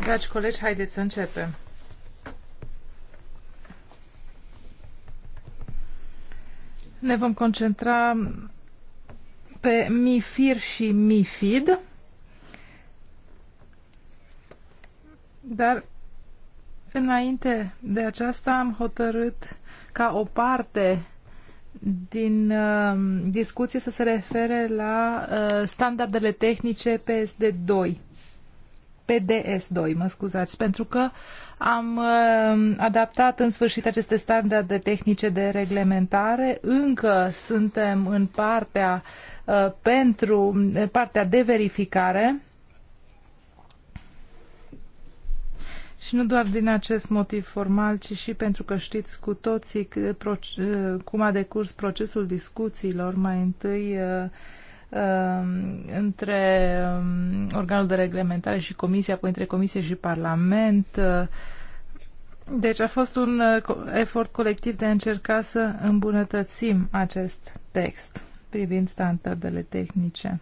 Dragi colegi, haideți să începem. Ne vom concentra pe MIFIR și MIFID, dar înainte de aceasta am hotărât ca o parte din uh, discuție să se refere la uh, standardele tehnice PSD2. PDS2, mă scuzați, pentru că am uh, adaptat în sfârșit aceste standarde tehnice de reglementare. Încă suntem în partea uh, pentru partea de verificare Și nu doar din acest motiv formal, ci și pentru că știți cu toții cum a decurs procesul discuțiilor mai întâi uh, um, între um, organul de reglementare și comisia, apoi între comisie și parlament. Uh. Deci a fost un uh, efort colectiv de a încerca să îmbunătățim acest text privind standardele tehnice.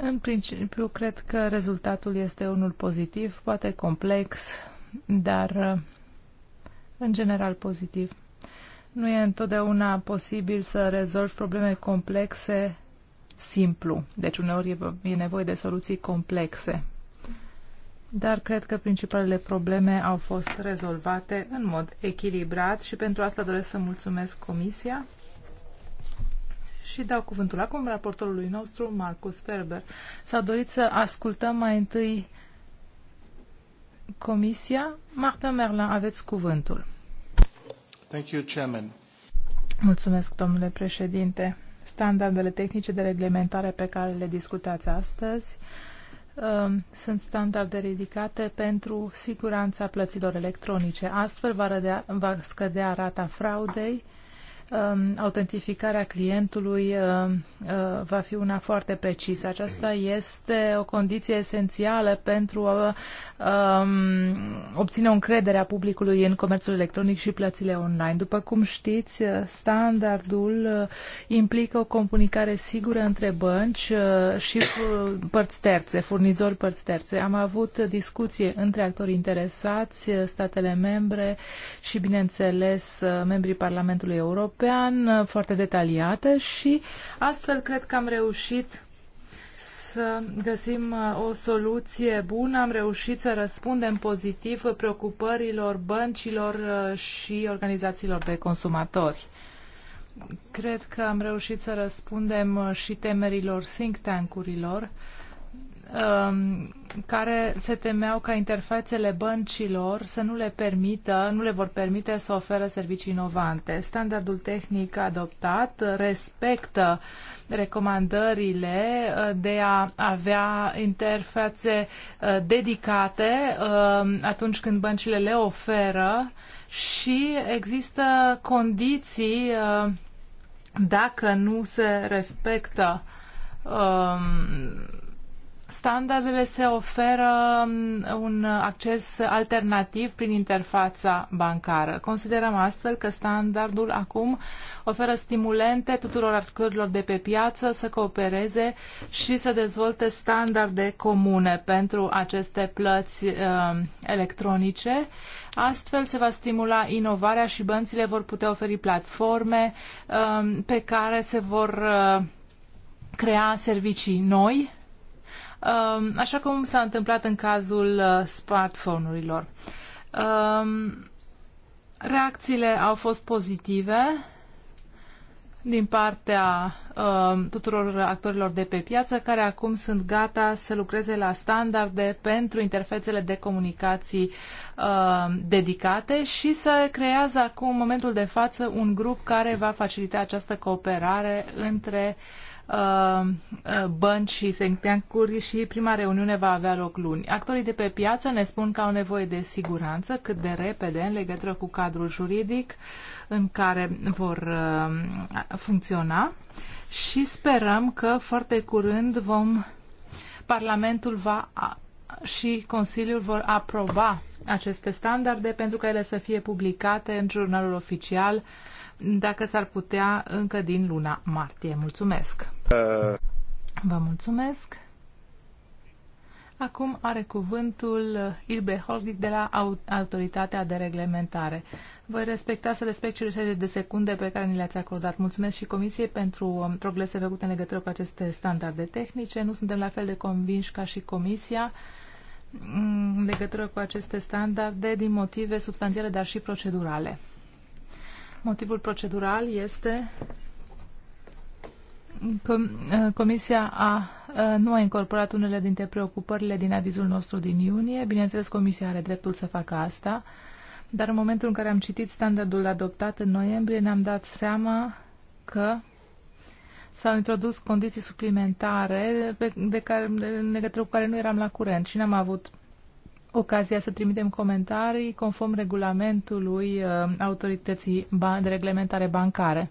În principiu, cred că rezultatul este unul pozitiv, poate complex, dar în general pozitiv. Nu e întotdeauna posibil să rezolvi probleme complexe simplu. Deci uneori e, nevoie de soluții complexe. Dar cred că principalele probleme au fost rezolvate în mod echilibrat și pentru asta doresc să mulțumesc Comisia și dau cuvântul acum raportorului nostru, Marcus Ferber. S-a dorit să ascultăm mai întâi Comisia. Marta Merlin aveți cuvântul. Thank you, Chairman. Mulțumesc, domnule președinte. Standardele tehnice de reglementare pe care le discutați astăzi um, sunt standarde ridicate pentru siguranța plăților electronice. Astfel va, rădea, va scădea rata fraudei Um, autentificarea clientului um, uh, va fi una foarte precisă. Aceasta este o condiție esențială pentru a um, obține o încredere a publicului în comerțul electronic și plățile online. După cum știți, standardul uh, implică o comunicare sigură între bănci uh, și părți terțe, furnizori părți terțe. Am avut discuție între actori interesați, statele membre și, bineînțeles, membrii Parlamentului Europei european uh, foarte detaliată și astfel cred că am reușit să găsim uh, o soluție bună. Am reușit să răspundem pozitiv preocupărilor băncilor uh, și organizațiilor de consumatori. Cred că am reușit să răspundem și temerilor think tank-urilor um, care se temeau ca interfețele băncilor să nu le permită, nu le vor permite să ofere servicii inovante. Standardul tehnic adoptat respectă recomandările uh, de a avea interfețe uh, dedicate uh, atunci când băncile le oferă și există condiții dacă nu se respectă um, standardele se oferă um, un acces alternativ prin interfața bancară. Considerăm astfel că standardul acum oferă stimulente tuturor actorilor de pe piață să coopereze și să dezvolte standarde comune pentru aceste plăți uh, electronice. Astfel se va stimula inovarea și bănțile vor putea oferi platforme uh, pe care se vor uh, crea servicii noi Um, așa cum s-a întâmplat în cazul uh, smartphone-urilor. Um, reacțiile au fost pozitive din partea um, tuturor actorilor de pe piață care acum sunt gata să lucreze la standarde pentru interfețele de comunicații dedicate și să creează acum, în momentul de față, un grup care va facilita această cooperare între Uh, uh, bănci și think tank-uri și prima reuniune va avea loc luni. Actorii de pe piață ne spun că au nevoie de siguranță cât de repede în legătură cu cadrul juridic în care vor uh, funcționa și sperăm că foarte curând vom Parlamentul va și Consiliul vor aproba aceste standarde pentru că ele să fie publicate în jurnalul oficial uh, dacă s-ar putea încă din luna martie. Mulțumesc! Uh. Vă mulțumesc! Acum are cuvântul Ilbe Holgic de la Autoritatea de Reglementare. Voi respecta să respect cele 60 de secunde pe care ni le-ați acordat. Mulțumesc și Comisiei pentru um, progrese făcute în legătură cu aceste standarde tehnice. Nu suntem la fel de convinși ca și Comisia mm, în legătură cu aceste standarde din motive substanțiale, dar și procedurale. Motivul procedural este că uh, Comisia a, uh, nu a incorporat unele dintre preocupările din avizul nostru din iunie. Bineînțeles, Comisia are dreptul să facă asta, dar în momentul în care am citit standardul adoptat în noiembrie, ne-am dat seama că s-au introdus condiții suplimentare pe, de care, în legătură cu care nu eram la curent și n-am avut ocazia să trimitem comentarii conform regulamentului uh, autorității de reglementare bancare.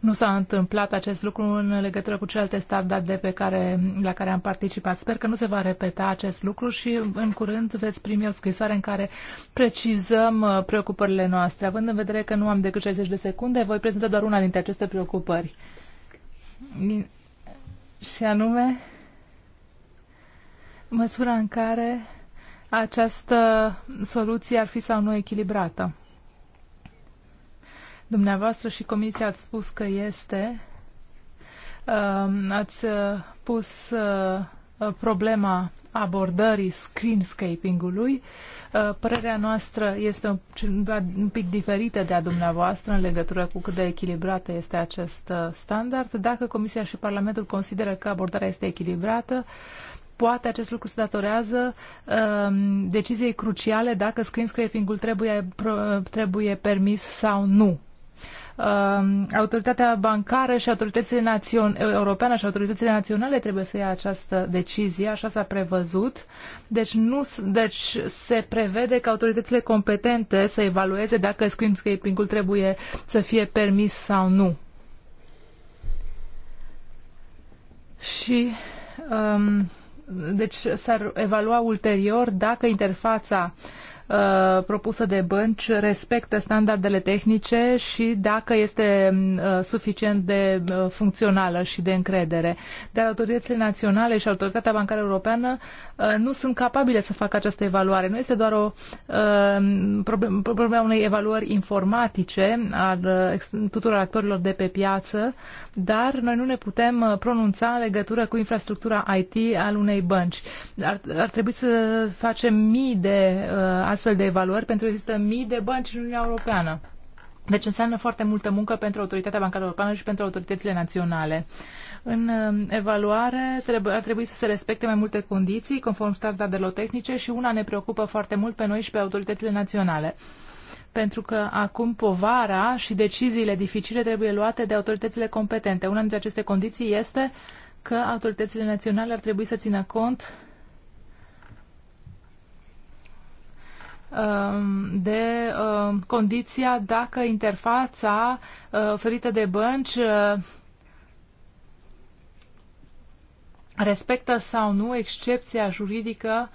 Nu s-a întâmplat acest lucru în legătură cu celelalte standarde pe care, la care am participat. Sper că nu se va repeta acest lucru și în curând veți primi o scrisoare în care precizăm uh, preocupările noastre. Având în vedere că nu am decât 60 de secunde, voi prezenta doar una dintre aceste preocupări. Și anume, măsura în care această soluție ar fi sau nu echilibrată. Dumneavoastră și Comisia ați spus că este. Um, ați uh, pus uh, problema abordării screenscaping-ului. Uh, părerea noastră este un pic diferită de a dumneavoastră în legătură cu cât de echilibrată este acest standard. Dacă Comisia și Parlamentul consideră că abordarea este echilibrată, Poate acest lucru se datorează uh, deciziei cruciale dacă screen scraping-ul trebuie, trebuie permis sau nu. Uh, autoritatea bancară și autoritățile națion- europeană și autoritățile naționale trebuie să ia această decizie, așa s-a prevăzut. Deci, nu, deci se prevede că autoritățile competente să evalueze dacă screen scraping-ul trebuie să fie permis sau nu. Și um, deci s-ar evalua ulterior dacă interfața Uh, propusă de bănci respectă standardele tehnice și dacă este uh, suficient de uh, funcțională și de încredere. Dar autoritățile naționale și Autoritatea Bancară Europeană nu sunt capabile să facă această evaluare. Nu este doar o problemă unei evaluări informatice al tuturor actorilor de pe piață, dar noi nu ne putem pronunța în legătură cu infrastructura IT al unei bănci. Ar, ar trebui să facem mii de uh, astfel de evaluări pentru că există mii de bănci în Uniunea Europeană. Deci înseamnă foarte multă muncă pentru Autoritatea Bancară Europeană și pentru autoritățile naționale. În um, evaluare trebuie, ar trebui să se respecte mai multe condiții conform standardelor tehnice și una ne preocupă foarte mult pe noi și pe autoritățile naționale. Pentru că acum povara și deciziile dificile trebuie luate de autoritățile competente. Una dintre aceste condiții este că autoritățile naționale ar trebui să țină cont Um, de um, condiția dacă interfața uh, oferită de bănci uh, respectă sau nu excepția juridică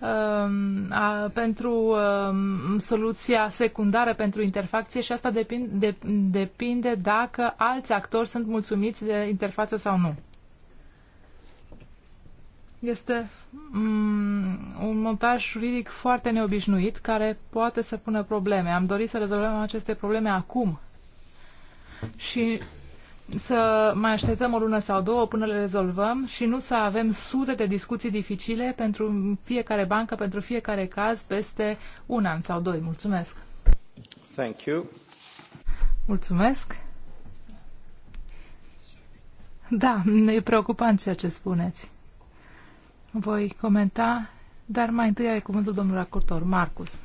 um, a, pentru a, soluția secundară pentru interfacție și asta depinde, de, depinde dacă alți actori sunt mulțumiți de interfață sau nu. Este mm, un montaj juridic foarte neobișnuit care poate să pună probleme. Am dorit să rezolvăm aceste probleme acum și să mai așteptăm o lună sau două până le rezolvăm și nu să avem sute de discuții dificile pentru fiecare bancă, pentru fiecare caz, peste un an sau doi. Mulțumesc! Thank you. Mulțumesc! Da, e preocupant ceea ce spuneți voi comenta, dar mai întâi are cuvântul domnul raportor, Marcus.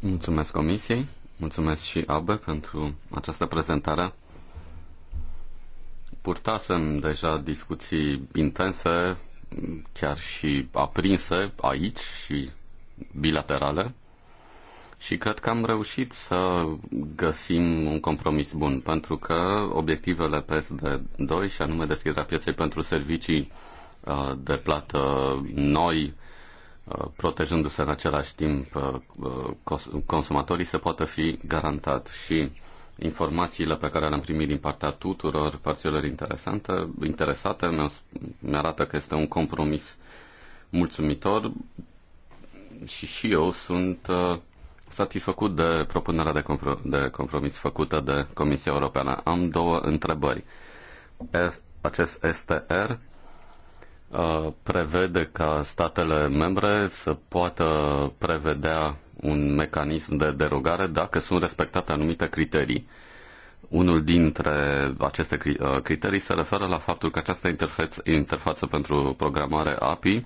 Mulțumesc comisiei, mulțumesc și ABE pentru această prezentare. Purtasem deja discuții intense, chiar și aprinse aici și bilaterale și cred că am reușit să găsim un compromis bun, pentru că obiectivele PSD2, și anume deschiderea pieței pentru servicii Uh, de plată noi, uh, protejându-se în același timp uh, consumatorii, se poată fi garantat și informațiile pe care le-am primit din partea tuturor părților interesante, interesate mi-arată că este un compromis mulțumitor și și eu sunt satisfăcut de propunerea de, compro- de compromis făcută de Comisia Europeană. Am două întrebări. Acest STR Uh, prevede ca statele membre să poată prevedea un mecanism de derogare dacă sunt respectate anumite criterii. Unul dintre aceste uh, criterii se referă la faptul că această interfață, pentru programare API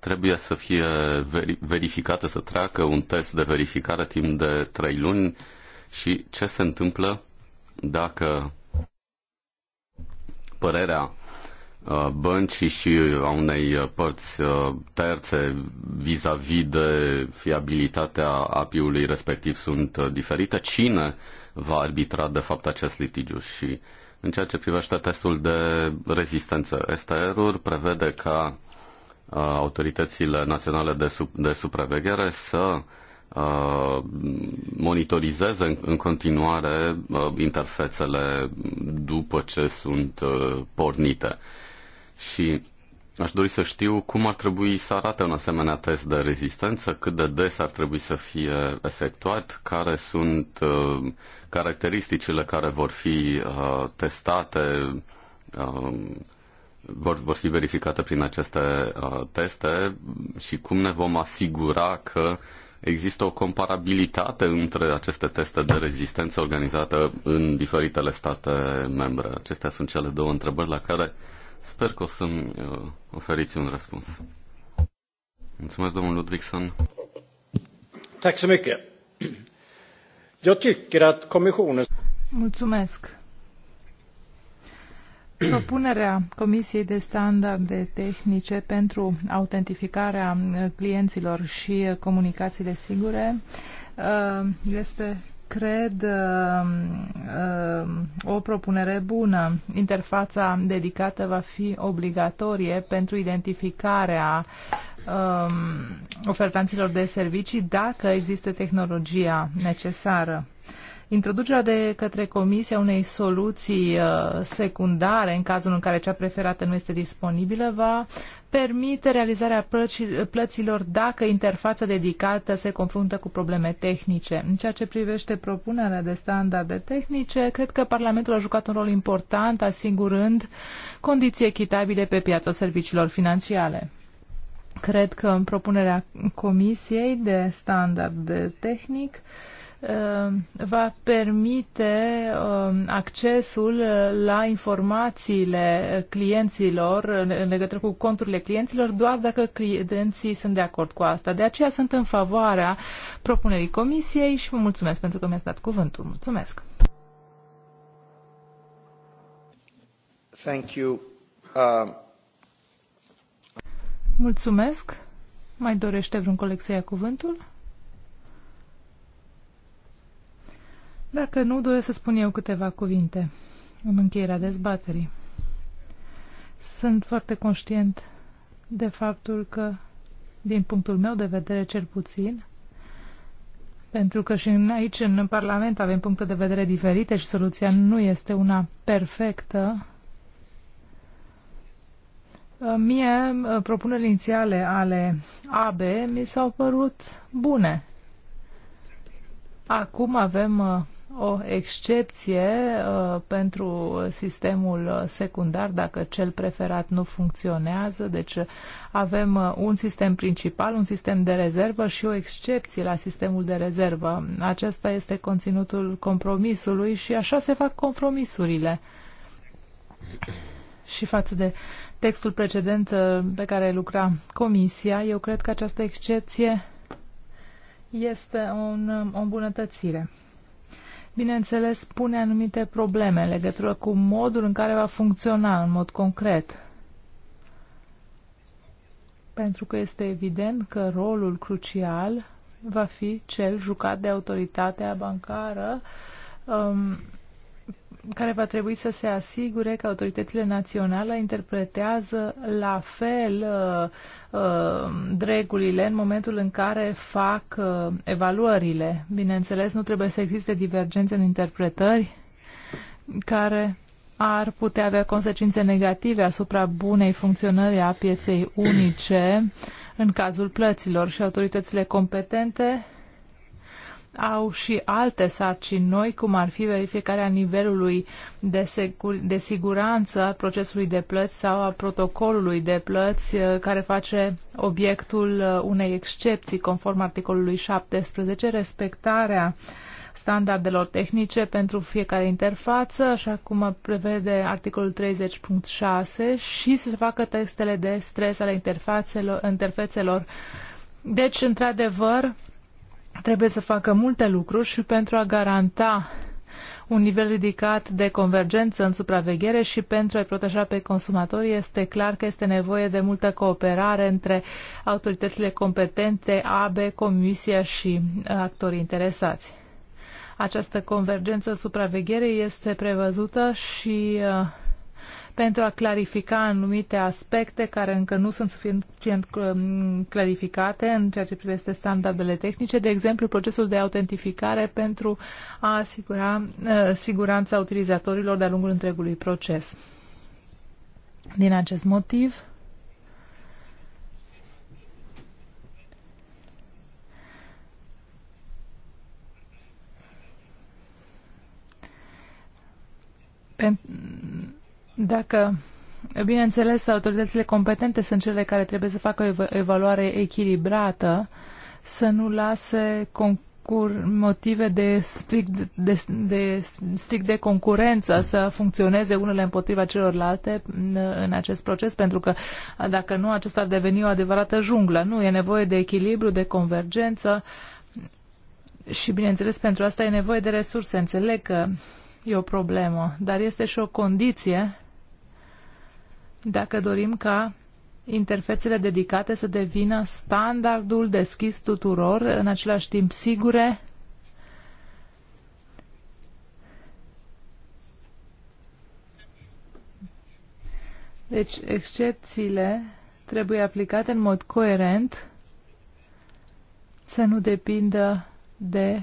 trebuie să fie verificată, să treacă un test de verificare timp de 3 luni și ce se întâmplă dacă părerea Uh, băncii și uh, a unei uh, părți terțe vis-a-vis de fiabilitatea API-ului respectiv sunt diferite. Cine va arbitra de fapt acest litigiu? Și în ceea ce privește testul de rezistență, str uri prevede ca autoritățile naționale de, sub, de supraveghere să monitorizeze în, în continuare interfețele după ce sunt pornite. Și aș dori să știu cum ar trebui să arate un asemenea test de rezistență, cât de des ar trebui să fie efectuat, care sunt uh, caracteristicile care vor fi uh, testate, uh, vor, vor fi verificate prin aceste uh, teste și cum ne vom asigura că există o comparabilitate între aceste teste de rezistență organizate în diferitele state membre. Acestea sunt cele două întrebări la care Sper că o să-mi uh, oferiți un răspuns. Mulțumesc, domnul Ludvigson. Tack så mycket. Jag tycker att kommissionen... Mulțumesc. Propunerea Comisiei de Standarde Tehnice pentru autentificarea uh, clienților și uh, comunicațiile sigure este cred, um, um, o propunere bună. Interfața dedicată va fi obligatorie pentru identificarea um, ofertanților de servicii dacă există tehnologia necesară. Introducerea de către Comisie unei soluții uh, secundare în cazul în care cea preferată nu este disponibilă va permite realizarea plăților dacă interfața dedicată se confruntă cu probleme tehnice. În ceea ce privește propunerea de standarde tehnice, cred că Parlamentul a jucat un rol important asigurând condiții echitabile pe piața serviciilor financiare. Cred că în propunerea Comisiei de standard tehnic uh, Uh, va permite uh, accesul uh, la informațiile clienților în legătură cu conturile clienților doar dacă clienții sunt de acord cu asta. De aceea sunt în favoarea propunerii comisiei și vă mulțumesc pentru că mi-ați dat cuvântul. Mulțumesc! Thank you. Uh... Mulțumesc. Mai dorește vreun coleg să ia cuvântul? Dacă nu, doresc să spun eu câteva cuvinte în încheierea dezbaterii. Sunt foarte conștient de faptul că, din punctul meu de vedere cel puțin, pentru că și aici, în Parlament, avem puncte de vedere diferite și soluția nu este una perfectă, Mie, propunerile inițiale ale AB mi s-au părut bune. Acum avem o excepție uh, pentru sistemul secundar dacă cel preferat nu funcționează. Deci avem uh, un sistem principal, un sistem de rezervă și o excepție la sistemul de rezervă. Acesta este conținutul compromisului și așa se fac compromisurile. Și față de textul precedent uh, pe care lucra Comisia, eu cred că această excepție este un, o îmbunătățire bineînțeles, pune anumite probleme în legătură cu modul în care va funcționa în mod concret. Pentru că este evident că rolul crucial va fi cel jucat de autoritatea bancară um, care va trebui să se asigure că autoritățile naționale interpretează la fel uh, uh, regulile în momentul în care fac uh, evaluările. Bineînțeles, nu trebuie să existe divergențe în interpretări care ar putea avea consecințe negative asupra bunei funcționări a pieței unice în cazul plăților și autoritățile competente au și alte sarcini noi, cum ar fi verificarea nivelului de, secur- de siguranță a procesului de plăți sau a protocolului de plăți uh, care face obiectul uh, unei excepții conform articolului 17, respectarea standardelor tehnice pentru fiecare interfață, așa cum prevede articolul 30.6 și să facă testele de stres ale interfațelor, interfețelor. Deci, într-adevăr, trebuie să facă multe lucruri și pentru a garanta un nivel ridicat de convergență în supraveghere și pentru a-i proteja pe consumatori este clar că este nevoie de multă cooperare între autoritățile competente, AB, Comisia și uh, actorii interesați. Această convergență supraveghere este prevăzută și uh, pentru a clarifica anumite aspecte care încă nu sunt suficient clarificate în ceea ce privește standardele tehnice, de exemplu procesul de autentificare pentru a asigura uh, siguranța utilizatorilor de-a lungul întregului proces. Din acest motiv, dacă, bineînțeles, autoritățile competente sunt cele care trebuie să facă o evaluare echilibrată, să nu lase concur motive de strict de, de, strict de concurență să funcționeze unele împotriva celorlalte în, mm, în acest proces, pentru că dacă nu, acesta ar deveni o adevărată junglă. Nu, e nevoie de echilibru, de convergență și, bineînțeles, pentru asta e nevoie de resurse. Înțeleg că e o problemă, dar este și o condiție dacă dorim ca interfețele dedicate să devină standardul deschis tuturor, în același timp sigure, Deci, excepțiile trebuie aplicate în mod coerent, să nu depindă de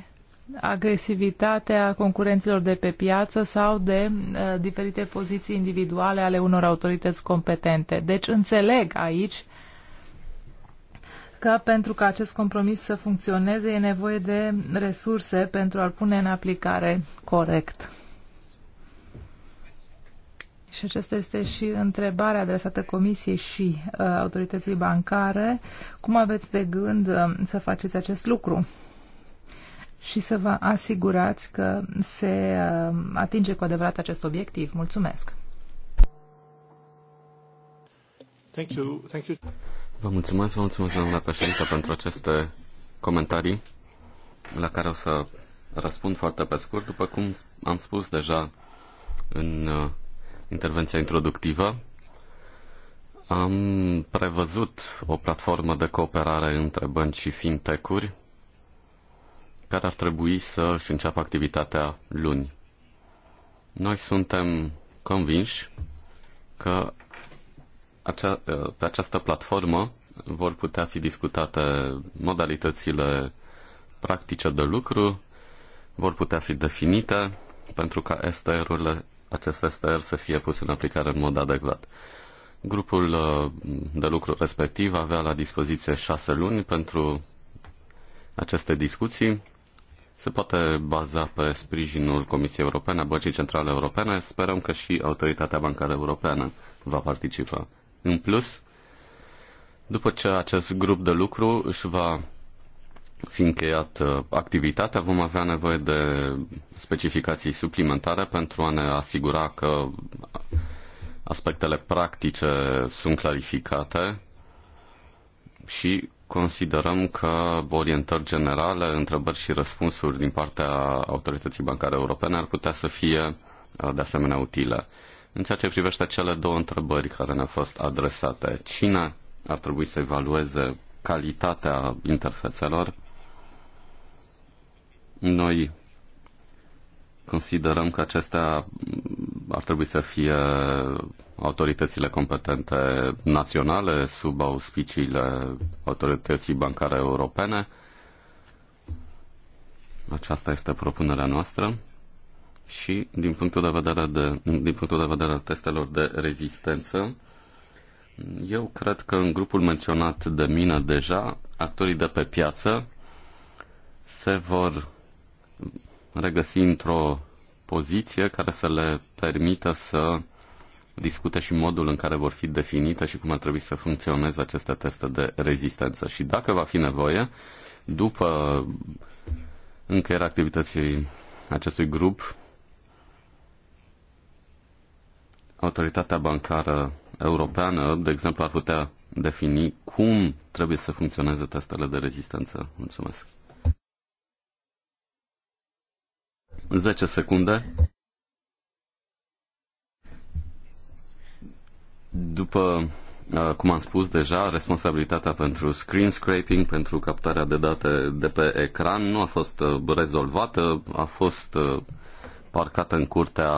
agresivitatea concurenților de pe piață sau de uh, diferite poziții individuale ale unor autorități competente. Deci înțeleg aici că pentru ca acest compromis să funcționeze e nevoie de resurse pentru a-l pune în aplicare corect. Și aceasta este și întrebarea adresată Comisiei și uh, autorității bancare. Cum aveți de gând uh, să faceți acest lucru? și să vă asigurați că se uh, atinge cu adevărat acest obiectiv. Mulțumesc! Thank you. Thank you. Vă mulțumesc, vă mulțumesc, domnule președinte, pentru aceste comentarii la care o să răspund foarte pe scurt. După cum am spus deja în uh, intervenția introductivă, am prevăzut o platformă de cooperare între bănci și fintech-uri care ar trebui să își înceapă activitatea luni. Noi suntem convinși că acea, pe această platformă vor putea fi discutate modalitățile practice de lucru, vor putea fi definite pentru ca STR-urile, acest STR să fie pus în aplicare în mod adecvat. Grupul uh, de lucru respectiv avea la dispoziție șase luni pentru aceste discuții se poate baza pe sprijinul Comisiei Europene, a Băncii Centrale Europene. Sperăm că și Autoritatea Bancară Europeană va participa. În plus, după ce acest grup de lucru își va fi încheiat uh, activitatea, vom avea nevoie de specificații suplimentare pentru a ne asigura că aspectele practice sunt clarificate și Considerăm că orientări generale, întrebări și răspunsuri din partea Autorității Bancare Europene ar putea să fie uh, de asemenea utile. În ceea ce privește cele două întrebări care ne-au fost adresate, cine ar trebui să evalueze calitatea interfețelor? Noi considerăm că acestea ar trebui să fie autoritățile competente naționale sub auspiciile autorității bancare europene. Aceasta este propunerea noastră și din punctul de vedere, de, din punctul de vedere al testelor de rezistență, eu cred că în grupul menționat de mine deja, actorii de pe piață se vor regăsi într-o poziție care să le permită să discute și modul în care vor fi definite și cum ar trebui să funcționeze aceste teste de rezistență. Și dacă va fi nevoie, după încheierea activității acestui grup, autoritatea bancară europeană, de exemplu, ar putea defini cum trebuie să funcționeze testele de rezistență. Mulțumesc. 10 secunde. După uh, cum am spus deja, responsabilitatea pentru screen scraping, pentru captarea de date de pe ecran, nu a fost uh, rezolvată, a fost uh, parcată în curtea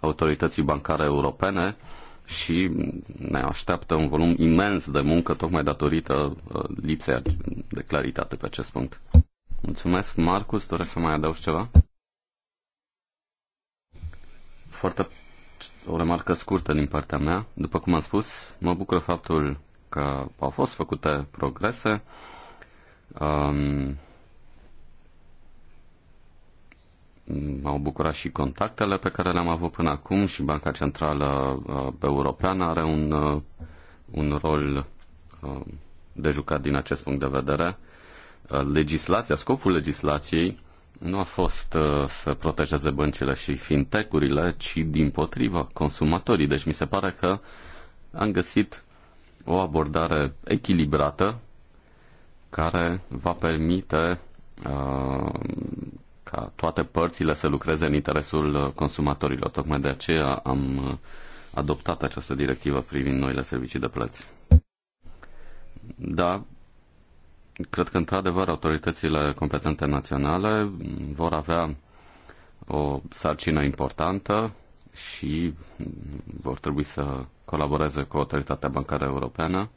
autorității bancare europene și ne așteaptă un volum imens de muncă tocmai datorită lipsei de claritate pe acest punct. Mulțumesc, Marcus. Doresc să mai adaugi ceva? Foarte o remarcă scurtă din partea mea. După cum am spus, mă bucură faptul că au fost făcute progrese. Um, m-au bucurat și contactele pe care le-am avut până acum și Banca Centrală uh, Europeană are un, uh, un rol uh, de jucat din acest punct de vedere. Uh, legislația, scopul legislației nu a fost uh, să protejeze băncile și fintecurile, ci din potriva consumatorii. Deci mi se pare că am găsit o abordare echilibrată care va permite uh, ca toate părțile să lucreze în interesul consumatorilor. Tocmai de aceea am uh, adoptat această directivă privind noile servicii de plăți. Da, Cred că, într-adevăr, autoritățile competente naționale vor avea o sarcină importantă și vor trebui să colaboreze cu Autoritatea Bancară Europeană,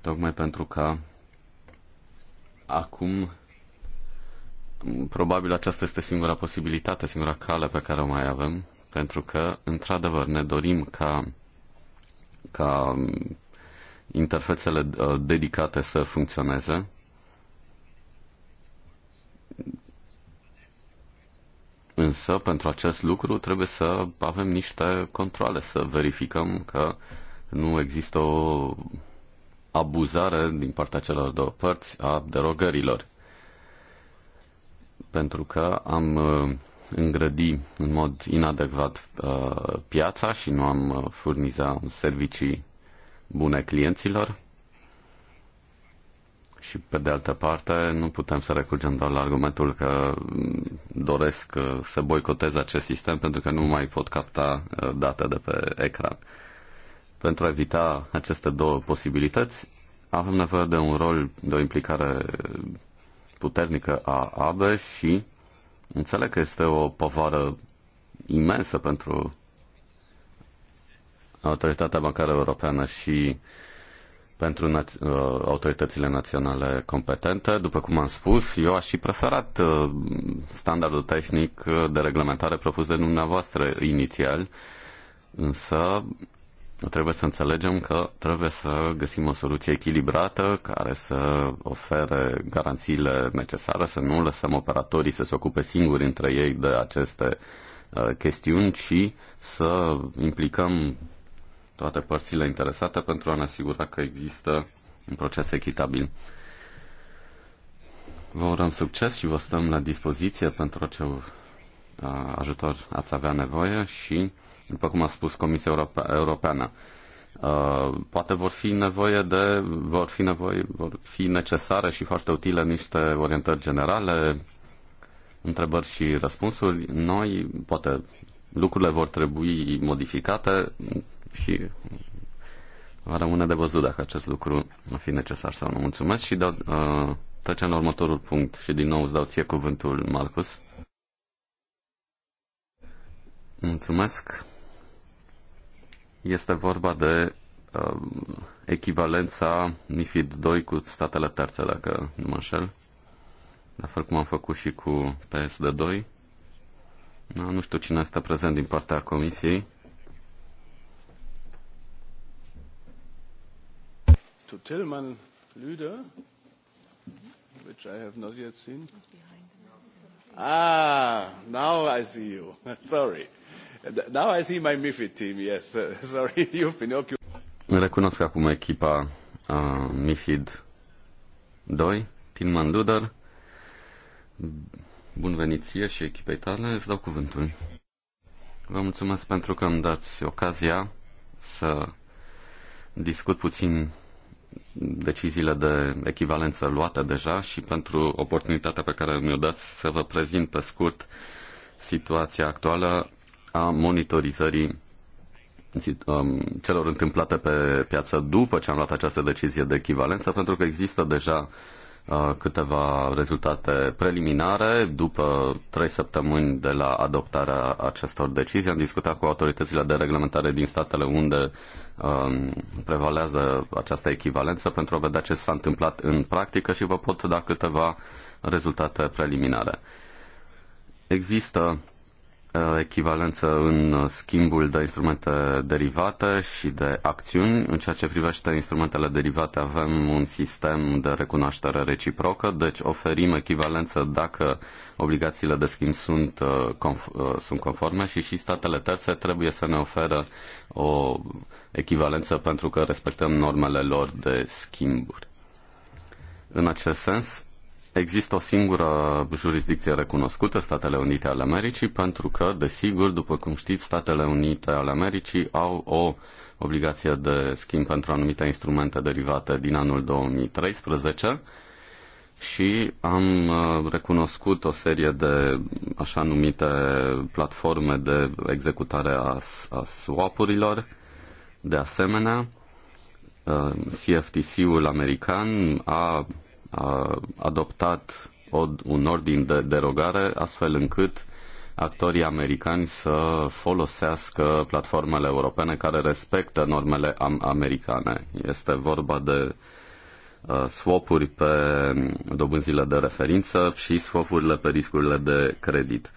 tocmai pentru că acum probabil aceasta este singura posibilitate, singura cale pe care o mai avem, pentru că, într-adevăr, ne dorim ca, ca interfețele uh, dedicate să funcționeze. Însă, pentru acest lucru trebuie să avem niște controle, să verificăm că nu există o abuzare din partea celor două părți a derogărilor. Pentru că am uh, îngrădi în mod inadecvat uh, piața și nu am furniza servicii bune clienților și pe de altă parte nu putem să recurgem doar la argumentul că doresc uh, să boicotez acest sistem pentru că nu mai pot capta uh, date de pe ecran. Pentru a evita aceste două posibilități, avem nevoie de un rol, de o implicare puternică a ABE și înțeleg că este o povară imensă pentru Autoritatea Bancară Europeană și pentru na- uh, autoritățile naționale competente. După cum am spus, eu aș fi preferat uh, standardul tehnic de reglementare propus de dumneavoastră inițial, însă trebuie să înțelegem că trebuie să găsim o soluție echilibrată care să ofere garanțiile necesare, să nu lăsăm operatorii să se ocupe singuri între ei de aceste uh, chestiuni, și să implicăm toate părțile interesate pentru a ne asigura că există un proces echitabil. Vă urăm succes și vă stăm la dispoziție pentru orice uh, ajutor ați avea nevoie și, după cum a spus Comisia Europe- Europeană, uh, poate vor fi nevoie de, vor fi nevoie, vor fi necesare și foarte utile niște orientări generale, întrebări și răspunsuri. Noi, poate lucrurile vor trebui modificate, și rămâne de văzut dacă acest lucru va fi necesar sau nu. Mulțumesc și dau, uh, trecem la următorul punct și din nou îți dau ție cuvântul, Marcus. Mulțumesc. Este vorba de uh, echivalența MIFID 2 cu statele terțe, dacă nu mă înșel. La fel cum am făcut și cu PSD2. Da, nu știu cine este prezent din partea comisiei. to Tillmann Lüder, which I have not yet seen. Ah, now I see you. Sorry. Now I see my MIFID team, yes. Sorry, you've been occupied. Recunosc acum echipa uh, MIFID 2, Tillmann Luder. Bun venit ție și echipei tale, îți dau cuvântul. Vă mulțumesc pentru că îmi dați ocazia să discut puțin deciziile de echivalență luate deja și pentru oportunitatea pe care mi-o dați să vă prezint pe scurt situația actuală a monitorizării um, celor întâmplate pe piață după ce am luat această decizie de echivalență, pentru că există deja Uh, câteva rezultate preliminare. După trei săptămâni de la adoptarea acestor decizii, am discutat cu autoritățile de reglementare din statele unde um, prevalează această echivalență pentru a vedea ce s-a întâmplat în practică și vă pot da câteva rezultate preliminare. Există Uh, echivalență în schimbul de instrumente derivate și de acțiuni. În ceea ce privește instrumentele derivate avem un sistem de recunoaștere reciprocă, deci oferim echivalență dacă obligațiile de schimb sunt, uh, conf- uh, sunt conforme și și statele terțe trebuie să ne oferă o echivalență pentru că respectăm normele lor de schimburi. În acest sens, Există o singură jurisdicție recunoscută, Statele Unite ale Americii, pentru că, desigur, după cum știți, Statele Unite ale Americii au o obligație de schimb pentru anumite instrumente derivate din anul 2013 și am uh, recunoscut o serie de așa numite platforme de executare a, a swap-urilor. De asemenea, uh, CFTC-ul american a adoptat un ordin de derogare, astfel încât actorii americani să folosească platformele europene care respectă normele am- americane. Este vorba de uh, swapuri pe dobânzile de referință și swapurile pe riscurile de credit.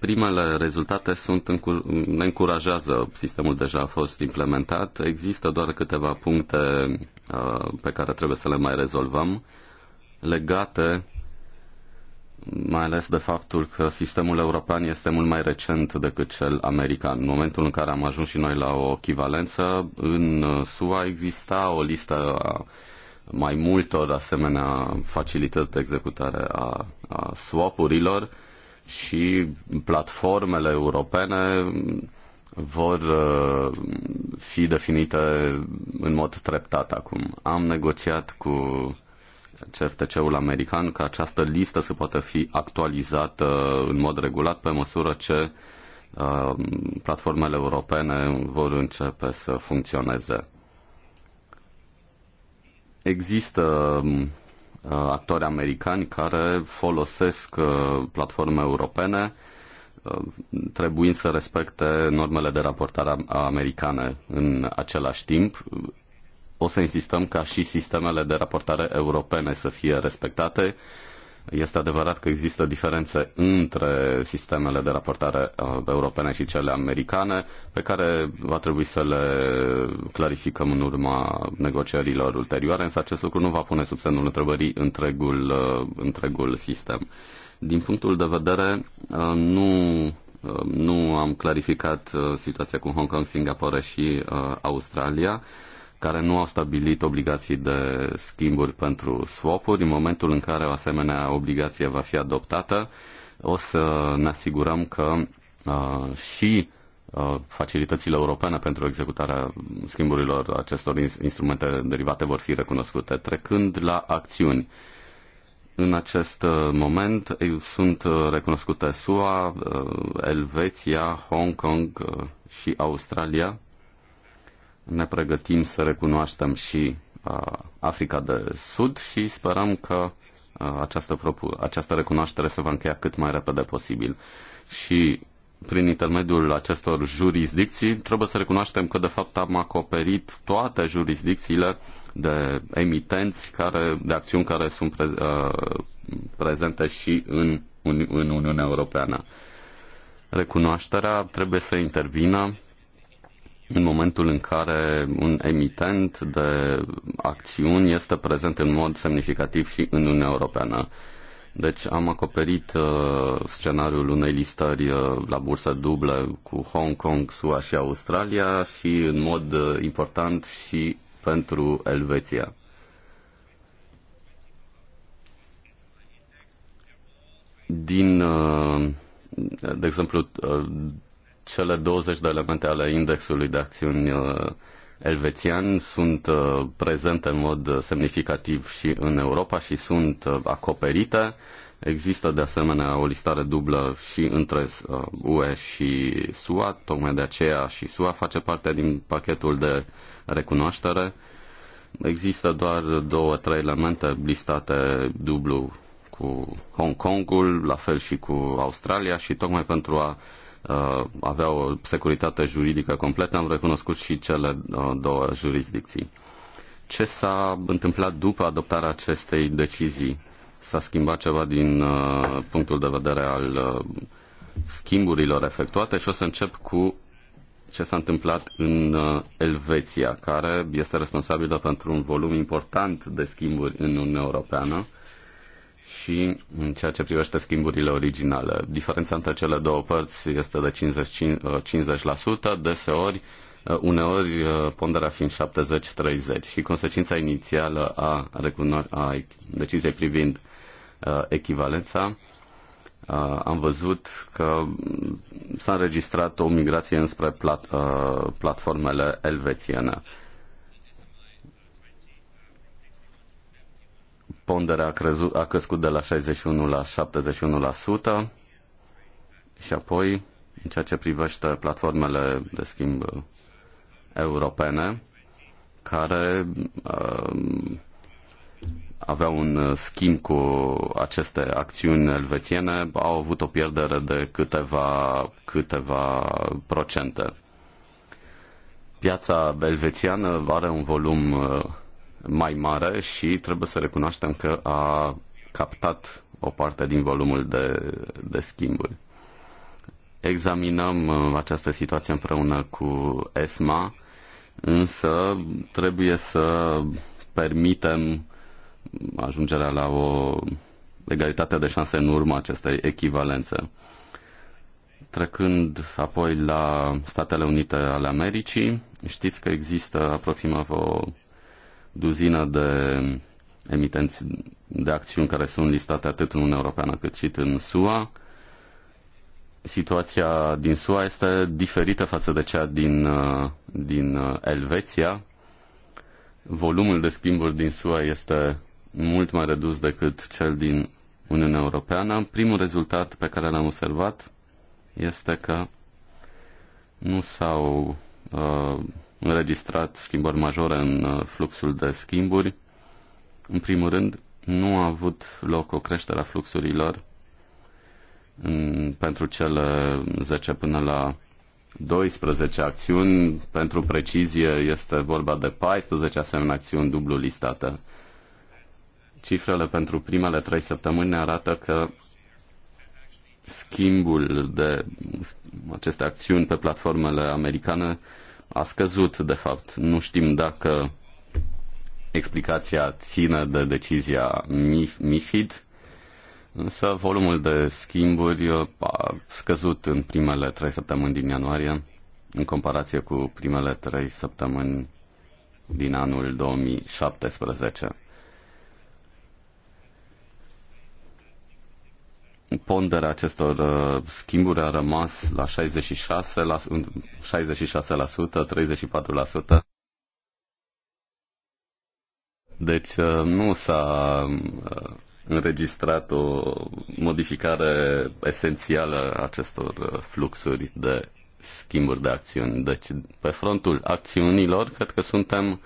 Primele rezultate sunt încur- ne încurajează. Sistemul deja a fost implementat. Există doar câteva puncte uh, pe care trebuie să le mai rezolvăm legate mai ales de faptul că sistemul european este mult mai recent decât cel american. În momentul în care am ajuns și noi la o echivalență, în SUA exista o listă a mai multor asemenea facilități de executare a, a swap-urilor și platformele europene vor uh, fi definite în mod treptat acum. Am negociat cu CFTC-ul american că această listă se poate fi actualizată în mod regulat pe măsură ce uh, platformele europene vor începe să funcționeze. Există um, uh, actori americani care folosesc uh, platforme europene trebuind să respecte normele de raportare americane în același timp o să insistăm ca și sistemele de raportare europene să fie respectate. Este adevărat că există diferențe între sistemele de raportare uh, europene și cele americane, pe care va trebui să le clarificăm în urma negocierilor ulterioare, însă acest lucru nu va pune sub semnul întrebării întregul, uh, întregul sistem. Din punctul de vedere, uh, nu, nu am clarificat situația cu Hong Kong, Singapore și Australia care nu au stabilit obligații de schimburi pentru swapuri, În momentul în care o asemenea obligație va fi adoptată, o să ne asigurăm că uh, și uh, facilitățile europene pentru executarea schimburilor acestor instrumente derivate vor fi recunoscute. Trecând la acțiuni, în acest uh, moment sunt uh, recunoscute SUA, Elveția, Hong Kong și Australia ne pregătim să recunoaștem și Africa de Sud și sperăm că această, propu- această recunoaștere se va încheia cât mai repede posibil. Și prin intermediul acestor jurisdicții trebuie să recunoaștem că de fapt am acoperit toate jurisdicțiile de emitenți care, de acțiuni care sunt pre, uh, prezente și în, în Uniunea Europeană. Recunoașterea trebuie să intervină în momentul în care un emitent de acțiuni este prezent în mod semnificativ și în Uniunea Europeană. Deci am acoperit uh, scenariul unei listări uh, la bursă dublă cu Hong Kong, SUA și Australia și în mod uh, important și pentru Elveția. Din, uh, de exemplu, uh, cele 20 de elemente ale indexului de acțiuni uh, elvețian sunt uh, prezente în mod uh, semnificativ și în Europa și sunt acoperite. Există de asemenea o listare dublă și între UE și SUA, tocmai de aceea și SUA face parte din pachetul de recunoaștere. Există doar două, trei elemente listate dublu cu Hong Kongul, la fel și cu Australia și tocmai pentru a uh, avea o securitate juridică completă, am recunoscut și cele uh, două jurisdicții. Ce s-a întâmplat după adoptarea acestei decizii? S-a schimbat ceva din uh, punctul de vedere al uh, schimburilor efectuate și o să încep cu ce s-a întâmplat în uh, Elveția, care este responsabilă pentru un volum important de schimburi în Uniunea Europeană și în ceea ce privește schimburile originale. Diferența între cele două părți este de 50, 50% uh, deseori, uh, uneori uh, ponderea fiind 70-30 și consecința inițială a, a deciziei privind echivalența am văzut că s-a înregistrat o migrație înspre plat, platformele elvețiene. ponderea a, crezut, a crescut de la 61 la 71% și apoi, în ceea ce privește platformele de schimb uh, europene, care uh, aveau un uh, schimb cu aceste acțiuni elvețiene, au avut o pierdere de câteva, câteva procente. Piața elvețiană are un volum uh, mai mare și trebuie să recunoaștem că a captat o parte din volumul de, de schimburi. Examinăm uh, această situație împreună cu ESMA, însă trebuie să permitem ajungerea la o egalitate de șanse în urma acestei echivalențe. Trecând apoi la Statele Unite ale Americii, știți că există aproximativ o duzină de emitenți de acțiuni care sunt listate atât în Uniunea Europeană cât și în SUA. Situația din SUA este diferită față de cea din, uh, din uh, Elveția. Volumul de schimburi din SUA este mult mai redus decât cel din Uniunea Europeană. Primul rezultat pe care l-am observat este că nu s-au uh, înregistrat schimbări majore în uh, fluxul de schimburi. În primul rând, nu a avut loc o creștere a fluxurilor în, pentru cele 10 până la 12 acțiuni. Pentru precizie este vorba de 14 asemenea acțiuni dublu listate. Cifrele pentru primele 3 săptămâni ne arată că schimbul de aceste acțiuni pe platformele americane a scăzut, de fapt. Nu știm dacă explicația ține de decizia MIFID, însă volumul de schimburi uh, a scăzut în primele trei săptămâni din ianuarie, în comparație cu primele trei săptămâni din anul 2017. ponderea acestor uh, schimburi a rămas la 66%, la, 66% 34%. Deci uh, nu s-a uh, înregistrat o modificare esențială a acestor fluxuri de schimburi de acțiuni. Deci, pe frontul acțiunilor, cred că suntem uh,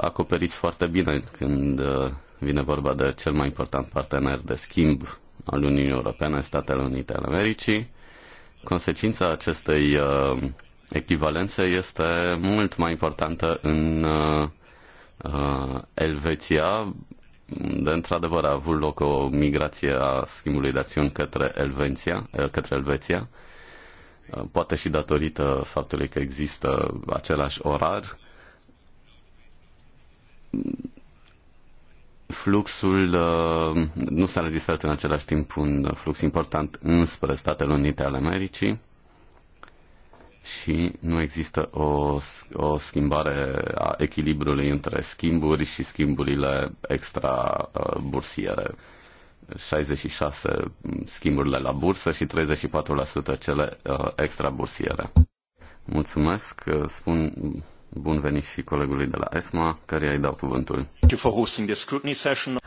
acoperiți foarte bine când uh, Vine vorba de cel mai important partener de schimb al Uniunii Europene, Statele Unite ale Americii. Consecința acestei uh, echivalențe este mult mai importantă în uh, uh, Elveția, unde într-adevăr a avut loc o migrație a schimbului de acțiuni către, Elvenția, uh, către Elveția, uh, poate și datorită faptului că există același orar fluxul uh, nu s-a înregistrat în același timp un flux important înspre Statele Unite ale Americii și nu există o, o schimbare a echilibrului între schimburi și schimburile extra uh, bursiere. 66 mm, schimburile la bursă și 34% cele uh, extra bursiere. Mulțumesc, spun Bun venit și colegului de la ESMA, care îi dau cuvântul.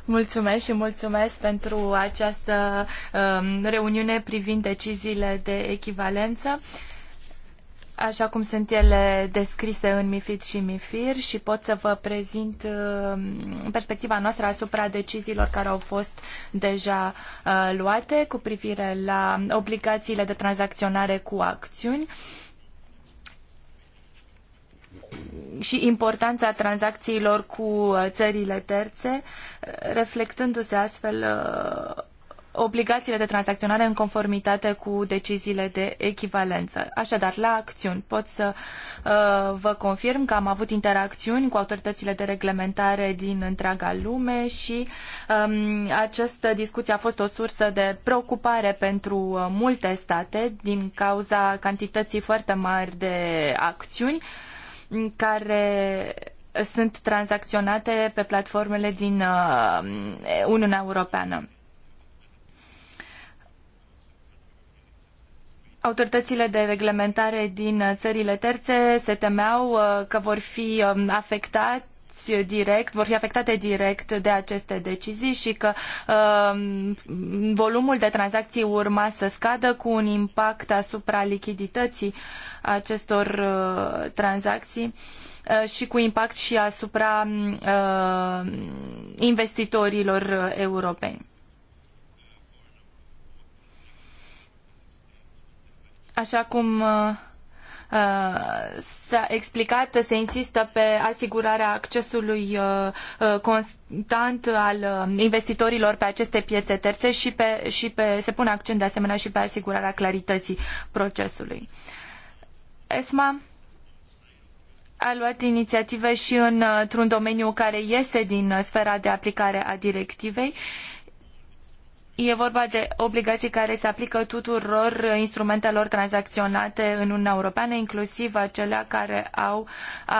Mulțumesc și mulțumesc pentru această um, reuniune privind deciziile de echivalență așa cum sunt ele descrise în MIFID și MIFIR și pot să vă prezint um, perspectiva noastră asupra deciziilor care au fost deja uh, luate cu privire la obligațiile de tranzacționare cu acțiuni. Uh, și importanța tranzacțiilor cu uh, țările terțe, reflectându-se astfel uh, obligațiile de tranzacționare în conformitate cu deciziile de echivalență. Așadar, la acțiuni pot să uh, vă confirm că am avut interacțiuni cu autoritățile de reglementare din întreaga lume și um, această discuție a fost o sursă de preocupare pentru uh, multe state din cauza cantității foarte mari de acțiuni uh, care sunt tranzacționate pe platformele din uh, Uniunea Europeană. Autoritățile de reglementare din țările terțe se temeau uh, că vor fi um, afectate afectați direct, vor fi afectate direct de aceste decizii și că um, volumul de tranzacții urma să scadă cu un impact asupra lichidității acestor uh, tranzacții uh, și cu impact și asupra uh, investitorilor europeni. Așa cum uh, Uh, s-a explicat, se insistă pe asigurarea accesului uh, uh, constant al investitorilor pe aceste piețe terțe și, pe, și pe, se pune accent de asemenea și pe asigurarea clarității procesului. ESMA a luat inițiative și într-un domeniu care iese din sfera de aplicare a directivei. Uh, E vorba de obligații care se aplică tuturor instrumentelor tranzacționate în Uniunea Europeană, inclusiv acelea care au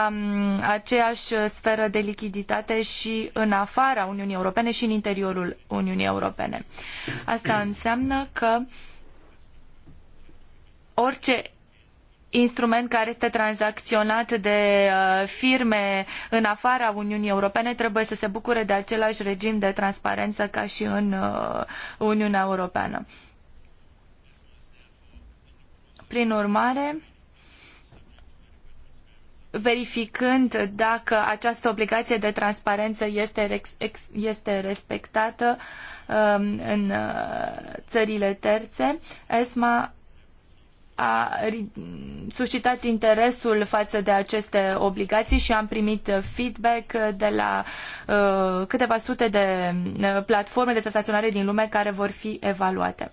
um, aceeași sferă de lichiditate și în afara Uniunii Europene și în interiorul Uniunii Europene. Asta înseamnă că orice instrument care este tranzacționat de uh, firme în afara Uniunii Europene trebuie să se bucure de același regim de transparență ca și în uh, Uniunea Europeană. Prin urmare, verificând dacă această obligație de transparență este, este respectată um, în uh, țările terțe, ESMA a suscitat interesul față de aceste obligații și am primit feedback de la uh, câteva sute de uh, platforme de tranzacționare din lume care vor fi evaluate.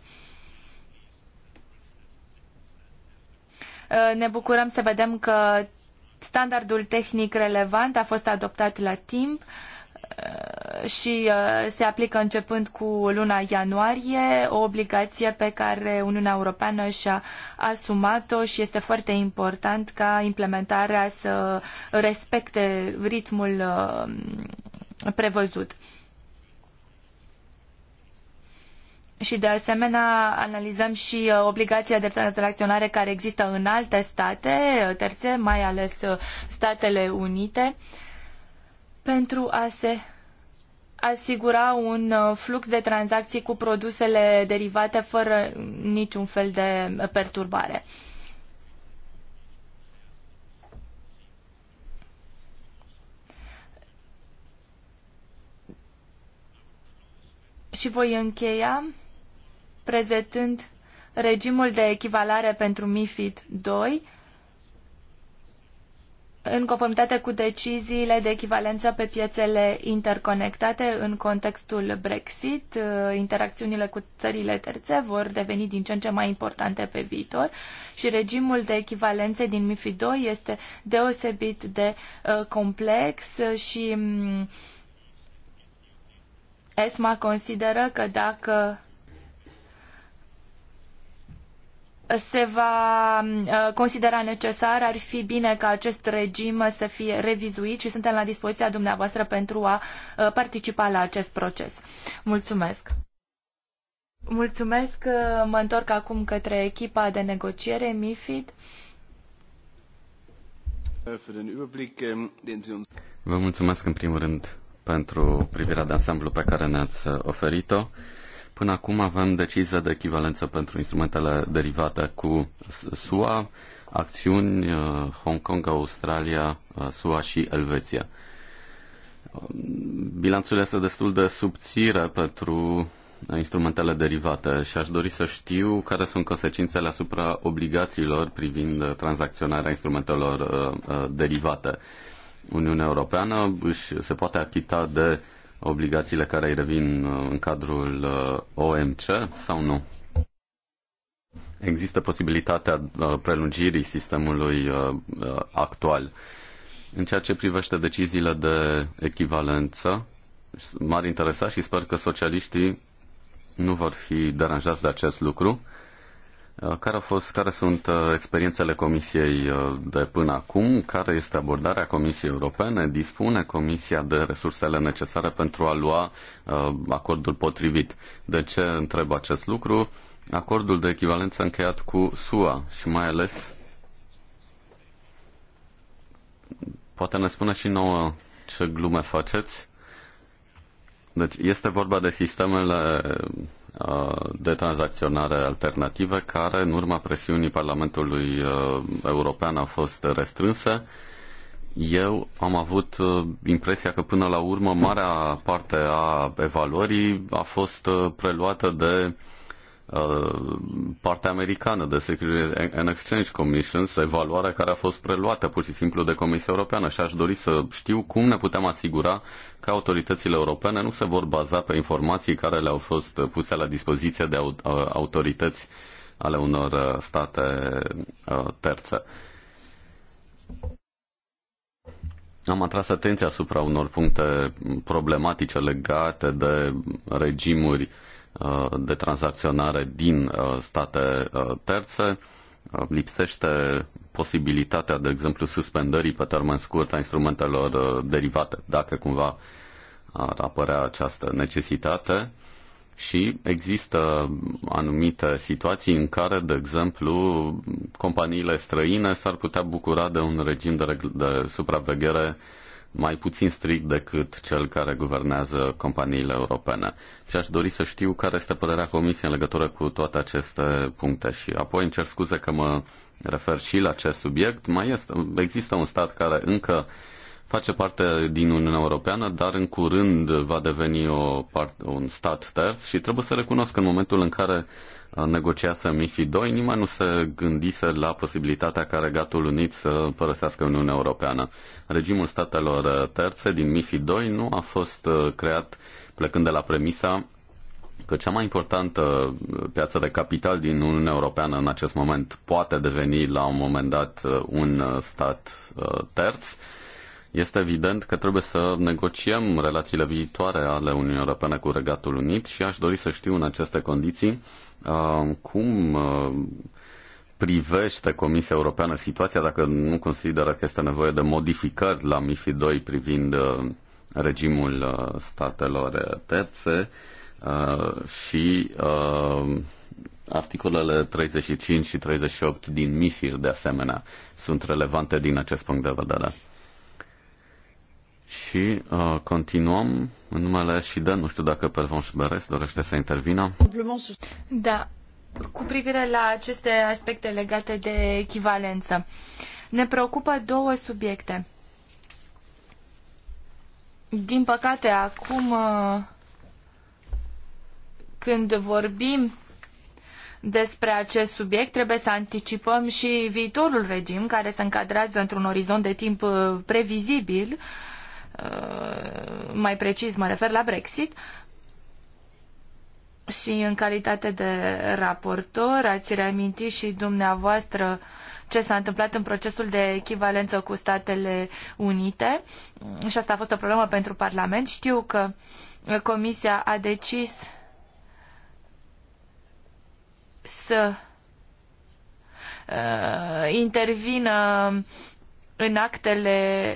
Uh, ne bucurăm să vedem că standardul tehnic relevant a fost adoptat la timp uh, Uh, și uh, se aplică începând cu luna ianuarie, o obligație pe care Uniunea Europeană și-a asumat-o și este foarte important ca implementarea să respecte ritmul uh, prevăzut. Și de asemenea analizăm și obligația de tranzacționare care există în alte state terțe, mai ales Statele Unite. Uh, pentru a se asigura un uh, flux de tranzacții cu produsele derivate fără niciun fel de perturbare. Și voi încheia prezentând regimul de echivalare pentru MIFID 2, în conformitate cu deciziile de echivalență pe piețele interconectate în contextul Brexit, uh, interacțiunile cu țările terțe vor deveni din ce în ce mai importante pe viitor și regimul de echivalențe din MIFID 2 este deosebit de uh, complex și mm, ESMA consideră că dacă se va uh, considera necesar, ar fi bine ca acest regim să fie revizuit și suntem la dispoziția dumneavoastră pentru a uh, participa la acest proces. Mulțumesc! Mulțumesc! Uh, mă întorc acum către echipa de negociere MIFID. Vă mulțumesc în primul rând pentru privirea de ansamblu pe care ne-ați oferit-o. Până acum avem decizia de echivalență pentru instrumentele derivate cu SUA, acțiuni uh, Hong Kong, Australia, uh, SUA și Elveția. Um, bilanțul este destul de subțire pentru instrumentele derivate și aș dori să știu care sunt consecințele asupra obligațiilor privind tranzacționarea instrumentelor uh, derivate. Uniunea Europeană își se poate achita de obligațiile care îi revin uh, în cadrul uh, OMC sau nu? Există posibilitatea uh, prelungirii sistemului actual. În ceea ce privește deciziile de echivalență, m-ar interesa și sper că socialiștii nu vor fi deranjați de acest lucru. Uh, care, au fost, care sunt uh, experiențele Comisiei uh, de până acum? Care este abordarea Comisiei Europene? Dispune Comisia de resursele necesare pentru a lua acordul potrivit? De ce întreb acest lucru? Acordul de echivalență încheiat cu SUA și mai ales poate ne spune și nouă ce glume faceți. Deci este vorba de sistemele Uh, de tranzacționare alternative care, în urma presiunii Parlamentului uh, European, au fost restrânse. Eu am avut uh, impresia că, până la urmă, marea parte a evaluării a fost preluată de Uh, partea americană de Securities and Exchange Commission, evaluarea care a fost preluată pur și simplu de Comisia Europeană și aș dori să știu cum ne putem asigura că autoritățile europene nu se vor baza pe informații care le-au fost puse la dispoziție de uh, autorități ale unor uh, state terțe. Am atras atenția asupra unor puncte problematice legate de regimuri uh, Uh, de tranzacționare din uh, state uh, terțe. Lipsește posibilitatea, de exemplu, suspendării pe termen scurt a instrumentelor derivate, dacă cumva ar apărea această necesitate. Și există anumite situații în care, de exemplu, companiile străine s-ar putea bucura de un regim de, de supraveghere uh, mai puțin strict decât cel care guvernează companiile europene. Și aș dori să știu care este părerea Comisiei în legătură cu toate aceste puncte. Și apoi îmi cer scuze că mă refer și la acest subiect. Mai este, există un stat care încă uh, face parte din Uniunea Europeană, dar în curând va deveni o part, un stat terț și trebuie să recunosc că în momentul în care uh, negociase MIFI 2, nimeni nu se gândise la posibilitatea ca Regatul Unit să părăsească Uniunea Europeană. Regimul statelor uh, terțe din MIFI 2 nu a fost uh, creat plecând de la premisa că cea mai importantă piață de capital din Uniunea Europeană în acest moment poate deveni la un moment dat un stat terț este evident că trebuie să negociem relațiile viitoare ale Uniunii Europene cu Regatul Unit și aș dori să știu în aceste condiții uh, cum uh, privește Comisia Europeană situația dacă nu consideră că este nevoie de modificări la MIFID 2 privind uh, regimul statelor terțe și articolele 35 și 38 din MIFIR de asemenea sunt relevante din acest punct de vedere și uh, continuăm în numele și de, nu știu dacă Pervon Șuberes dorește să intervină. Da, cu privire la aceste aspecte legate de echivalență, ne preocupă două subiecte. Din păcate, acum uh, când vorbim despre acest subiect, trebuie să anticipăm și viitorul regim care se încadrează într-un orizont de timp uh, previzibil uh, Uh, mai precis mă refer la Brexit, și în calitate de raportor ați reamintit și dumneavoastră ce s-a întâmplat în procesul de echivalență cu Statele Unite și asta a fost o problemă pentru Parlament. Știu că Comisia a decis să uh, intervină în actele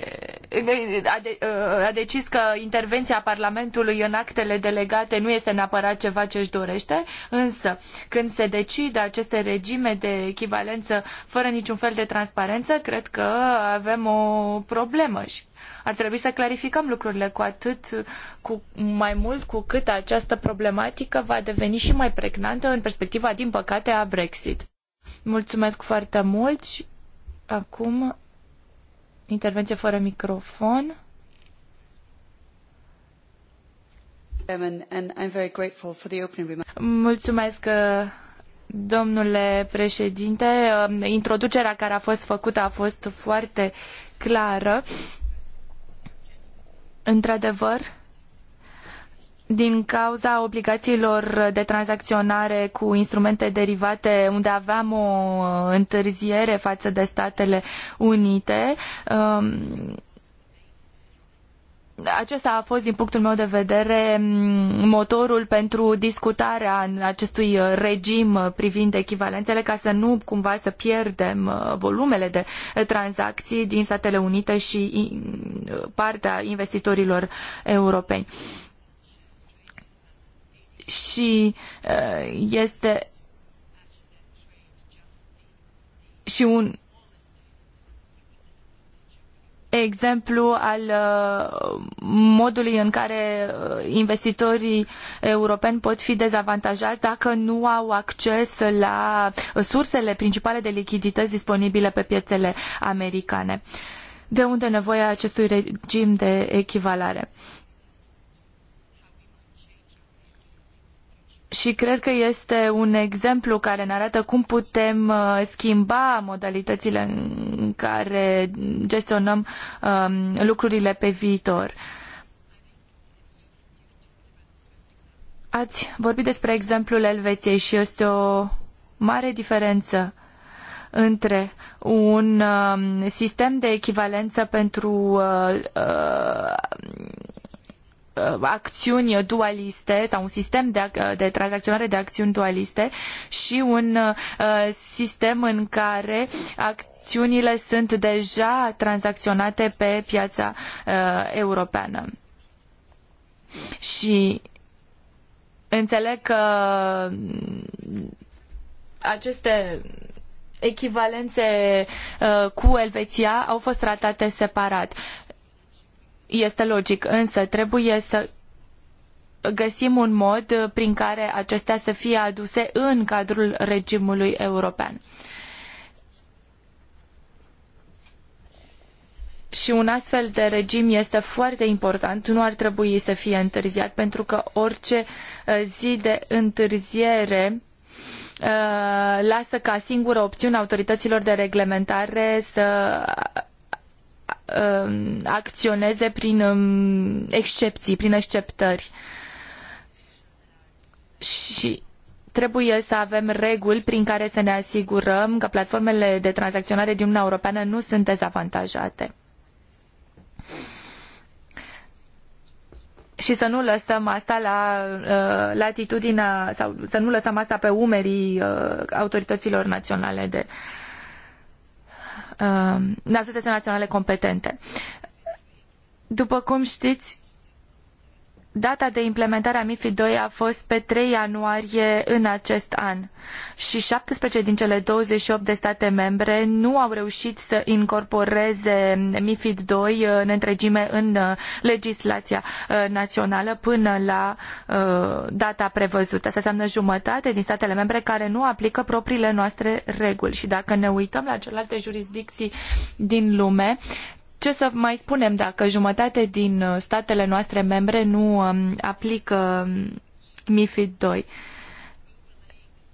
a, de, uh, a decis că intervenția Parlamentului în actele delegate nu este neapărat ceva ce își dorește, însă când se decide aceste regime de echivalență fără niciun fel de transparență, cred că avem o problemă și ar trebui să clarificăm lucrurile cu atât cu mai mult cu cât această problematică va deveni și mai pregnantă în perspectiva, din păcate, a Brexit. Mulțumesc foarte mult. Acum Intervenție fără microfon. Mulțumesc, domnule președinte. Um, introducerea care a fost făcută a fost foarte clară. Într-adevăr, din cauza obligațiilor de tranzacționare cu instrumente derivate, unde aveam o întârziere față de Statele Unite, um, acesta a fost, din punctul meu de vedere, motorul pentru discutarea acestui regim privind echivalențele, ca să nu cumva să pierdem uh, volumele de tranzacții din Statele Unite și uh, partea investitorilor europeni și este și un exemplu al modului în care investitorii europeni pot fi dezavantajați dacă nu au acces la sursele principale de lichidități disponibile pe piețele americane. De unde nevoia acestui regim de echivalare? și cred că este un exemplu care ne arată cum putem uh, schimba modalitățile în care gestionăm um, lucrurile pe viitor. Ați vorbit despre exemplul Elveției și este o mare diferență între un um, sistem de echivalență pentru uh, uh, Uh, acțiuni dualiste sau un sistem de, de tranzacționare de acțiuni dualiste și un uh, sistem în care acțiunile sunt deja tranzacționate pe piața uh, europeană. Și înțeleg că mm, aceste echivalențe cu Elveția au fost tratate separat este logic, însă trebuie să găsim un mod prin care acestea să fie aduse în cadrul regimului european. Și un astfel de regim este foarte important, nu ar trebui să fie întârziat, pentru că orice uh, zi de întârziere uh, lasă ca singură opțiune autorităților de reglementare să Um, acționeze prin um, excepții, prin exceptări. Și trebuie să avem reguli prin care să ne asigurăm că platformele de tranzacționare din Uniunea Europeană nu sunt dezavantajate. Și să nu lăsăm asta la uh, latitudinea sau să nu lăsăm asta pe umerii uh, autorităților naționale de uh, Uh, autoritățile naționale competente. După cum știți, data de implementare a MIFID 2 a fost pe 3 ianuarie în acest an și 17 din cele 28 de state membre nu au reușit să incorporeze MIFID 2 uh, în întregime în uh, legislația uh, națională până la data prevăzută. Asta înseamnă jumătate din statele membre care nu aplică propriile noastre reguli și dacă ne uităm la celelalte jurisdicții din lume, ce să mai spunem dacă jumătate din uh, statele noastre membre nu um, aplică um, MIFID 2?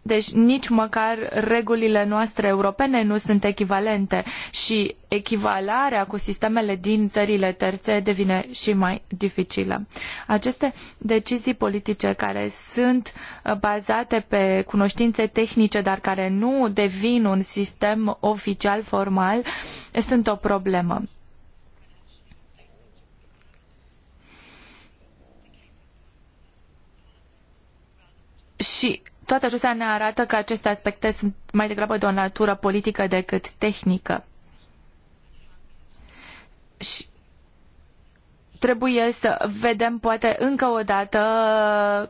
Deci nici măcar regulile noastre europene nu sunt echivalente și echivalarea cu sistemele din țările terțe devine și mai dificilă. Aceste decizii politice care sunt uh, bazate pe cunoștințe tehnice, dar care nu devin un sistem oficial formal, sunt o problemă. Și toate acestea ne arată că aceste aspecte sunt mai degrabă de o natură politică decât tehnică. Și trebuie să vedem poate încă o dată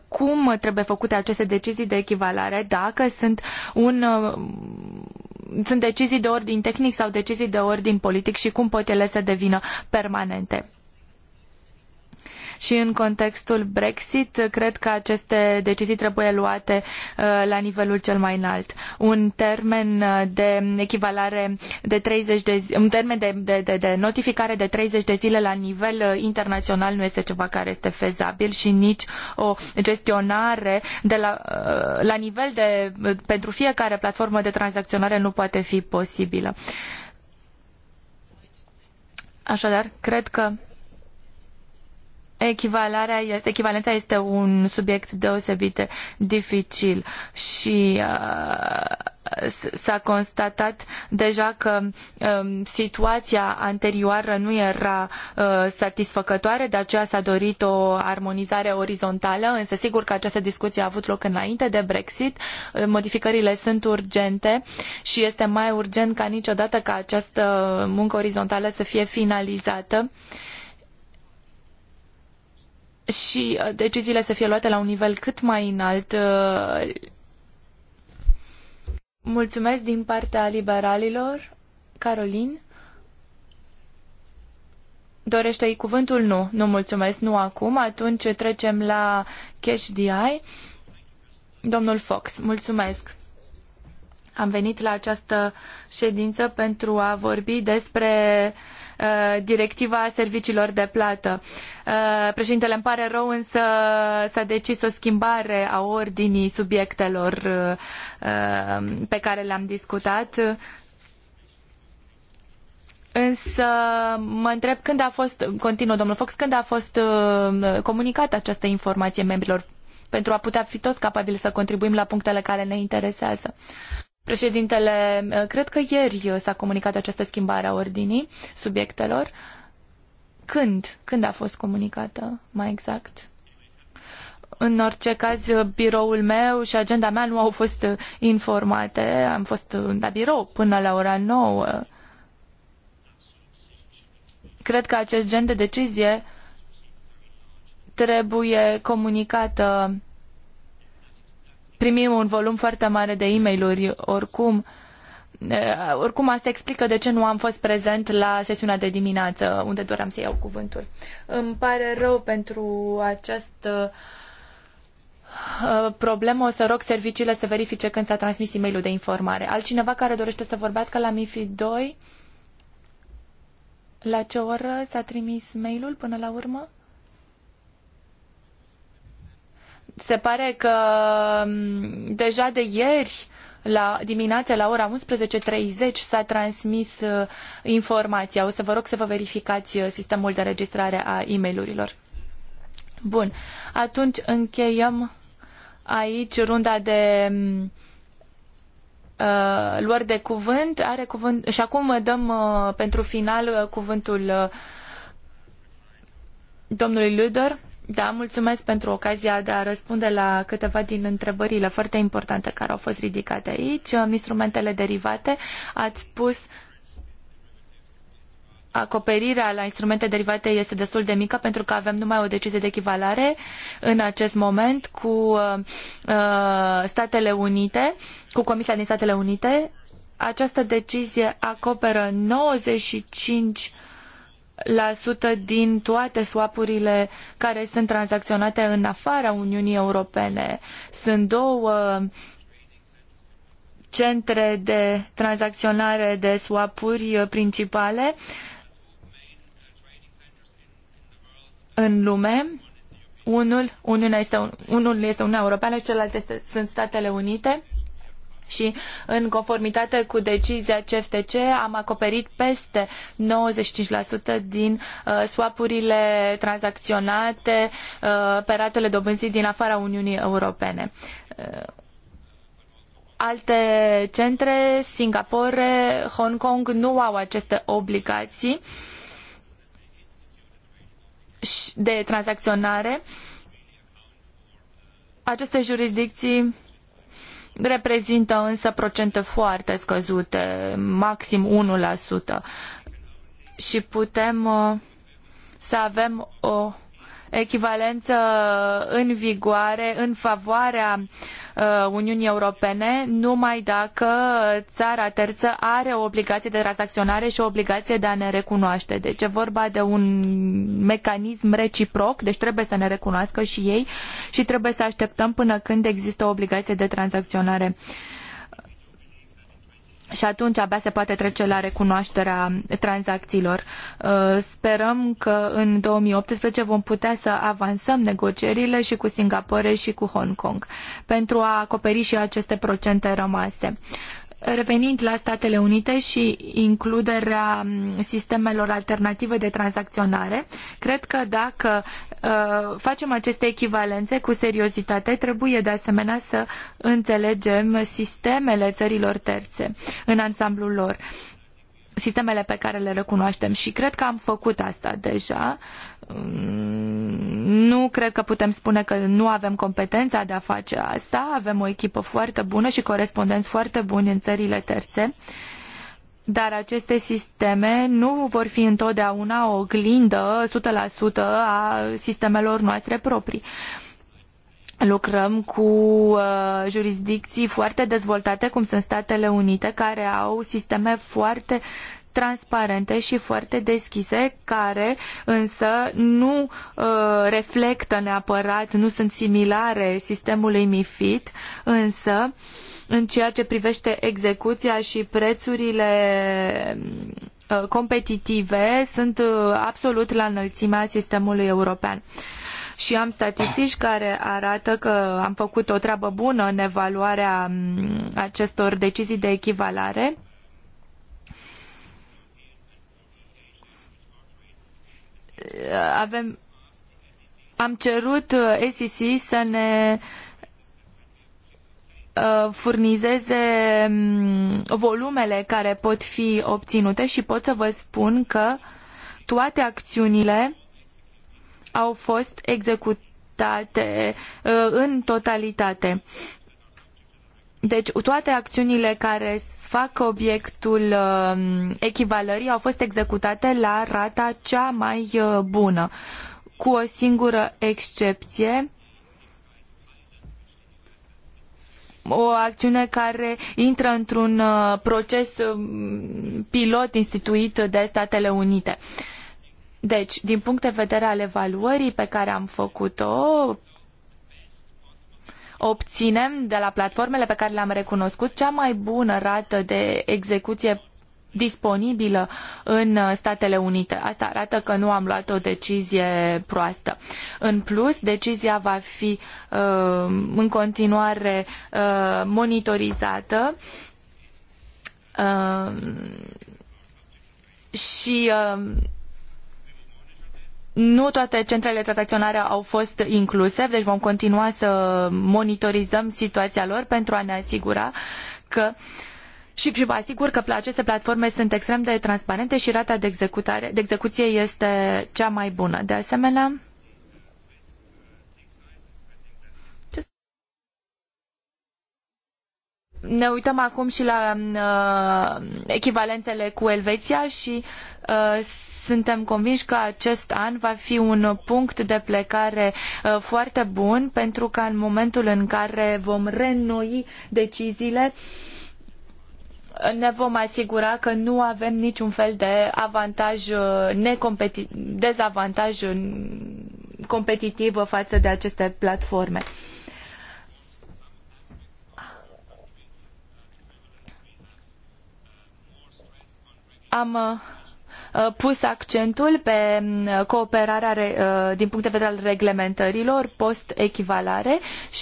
cum trebuie făcute aceste decizii de echivalare, dacă sunt un sunt decizii de ordin tehnic sau decizii de ordin politic și cum pot ele să devină permanente și în contextul Brexit, cred că aceste decizii trebuie luate uh, la nivelul cel mai înalt. Un termen uh, de echivalare de 30 de zi, un termen de, de, de, de notificare de 30 de zile la nivel uh, internațional nu este ceva care este fezabil și nici o gestionare de la, la nivel de, pentru fiecare platformă de tranzacționare nu poate fi posibilă. Așadar, cred că echivalarea este, echivalența este un subiect deosebit de dificil și uh, s-a constatat deja că um, situația anterioară nu era uh, satisfăcătoare, de aceea s-a dorit o armonizare orizontală, însă sigur că această discuție a avut loc înainte de Brexit, modificările sunt urgente și este mai urgent ca niciodată ca această muncă orizontală să fie finalizată și uh, deciziile să fie luate la un nivel cât mai înalt. Uh, mulțumesc din partea liberalilor. Carolin? Dorește-i cuvântul? Nu. Nu mulțumesc. Nu acum. Atunci trecem la Cash DI. Domnul Fox, mulțumesc. Am venit la această ședință pentru a vorbi despre uh, Uh, directiva serviciilor de plată. Uh, președintele, îmi pare rău, însă s-a decis o schimbare a ordinii subiectelor uh, pe care le-am discutat. Însă mă întreb când a fost, continuă domnul Fox, când a fost comunicată această informație membrilor pentru a putea fi toți capabili să contribuim la punctele care ne interesează. Președintele, eh, cred că ieri eh, s-a comunicat această schimbare a ordinii subiectelor. Când? Când a fost comunicată, mai exact? În orice caz, eh, biroul meu și agenda mea nu au fost informate. Am fost la birou până la ora 9. Cred că acest gen de decizie trebuie comunicată primim un volum foarte mare de e mail oricum. Eh, oricum, asta explică de ce nu am fost prezent la sesiunea de dimineață, unde doream să iau cuvântul. Îmi pare rău pentru această eh, problemă. O să rog serviciile să verifice când s-a transmis e mail de informare. Altcineva care dorește să vorbească la MIFI 2? La ce oră s-a trimis mailul până la urmă? se pare că mm, deja de ieri la dimineața la ora 11.30 s-a transmis uh, informația. O să vă rog să vă verificați uh, sistemul de registrare a e mail Bun, atunci încheiem aici runda de mm, uh, luări de cuvânt. Are cuvânt și acum dăm uh, pentru final uh, cuvântul uh, domnului Luder da, mulțumesc pentru ocazia de a răspunde la câteva din întrebările foarte importante care au fost ridicate aici. Instrumentele derivate, ați spus acoperirea la instrumente derivate este destul de mică pentru că avem numai o decizie de echivalare în acest moment cu uh, uh, Statele Unite, cu Comisia din Statele Unite. Această decizie acoperă 95 din toate swapurile care sunt tranzacționate în afara Uniunii Europene. Sunt două centre de tranzacționare de swapuri principale în lume. Unul, Uniunea este, unul este Uniunea Europeană și celălalt este, sunt Statele Unite și în conformitate cu decizia CFTC am acoperit peste 95% din uh, swapurile tranzacționate uh, pe ratele dobânzii din afara Uniunii Europene. Uh, alte centre, Singapore, Hong Kong, nu au aceste obligații de tranzacționare. Aceste jurisdicții reprezintă însă procente foarte scăzute, maxim 1%. Și putem uh, să avem o echivalență în vigoare în favoarea uh, Uniunii Europene numai dacă țara terță are o obligație de tranzacționare și o obligație de a ne recunoaște. Deci e vorba de un mecanism reciproc, deci trebuie să ne recunoască și ei și trebuie să așteptăm până când există o obligație de tranzacționare și atunci abia se poate trece la recunoașterea tranzacțiilor. Uh, sperăm că în 2018 vom putea să avansăm negocierile și cu Singapore și cu Hong Kong pentru a acoperi și aceste procente rămase. Revenind la Statele Unite și includerea sistemelor alternative de tranzacționare, cred că dacă ă, facem aceste echivalențe cu seriozitate, trebuie de asemenea să înțelegem sistemele țărilor terțe în ansamblul lor sistemele pe care le recunoaștem și cred că am făcut asta deja. Mm, nu cred că putem spune că nu avem competența de a face asta. Avem o echipă foarte bună și corespondenți foarte buni în țările terțe. Dar aceste sisteme nu vor fi întotdeauna o oglindă 100% a sistemelor noastre proprii. Uh, lucrăm cu uh, jurisdicții foarte dezvoltate, cum sunt Statele Unite, care au sisteme foarte transparente și foarte deschise, care însă nu uh, reflectă neapărat, nu sunt similare sistemului MIFID, însă în ceea ce privește execuția și prețurile uh, competitive sunt uh, absolut la înălțimea sistemului european. Uh, și am statistici care arată că am făcut o treabă bună în evaluarea acestor decizii de echivalare. Avem, am cerut uh, SEC să ne uh, furnizeze volumele care pot fi obținute și pot să vă spun că toate acțiunile au fost executate uh, în totalitate. Deci toate acțiunile care fac obiectul um, echivalării au fost executate la rata cea mai uh, bună, cu o singură excepție. o acțiune care intră într-un uh, proces um, pilot instituit de Statele Unite. Uh, deci, din punct de vedere al evaluării pe care am făcut-o, obținem de la platformele pe care le-am recunoscut cea mai bună rată de execuție disponibilă în Statele Unite. Asta arată că nu am luat o decizie proastă. În plus, decizia va fi uh, în continuare uh, monitorizată uh, și nu toate centrele de tranzacționare au fost incluse, deci vom continua să monitorizăm situația lor pentru a ne asigura că și, și vă asigur că aceste platforme sunt extrem de transparente și rata de, executare, de execuție este cea mai bună. De asemenea, ne uităm acum și la uh, echivalențele cu Elveția și Uh, suntem convinși că acest an va fi un punct de plecare uh, foarte bun pentru că în momentul în care vom reînnoi deciziile ne vom asigura că nu avem niciun fel de avantaj uh, necompeti- dezavantaj competitiv față de aceste platforme. Am Uh, pus accentul pe mm, cooperarea uh, din punct de vedere al reglementărilor post-echivalare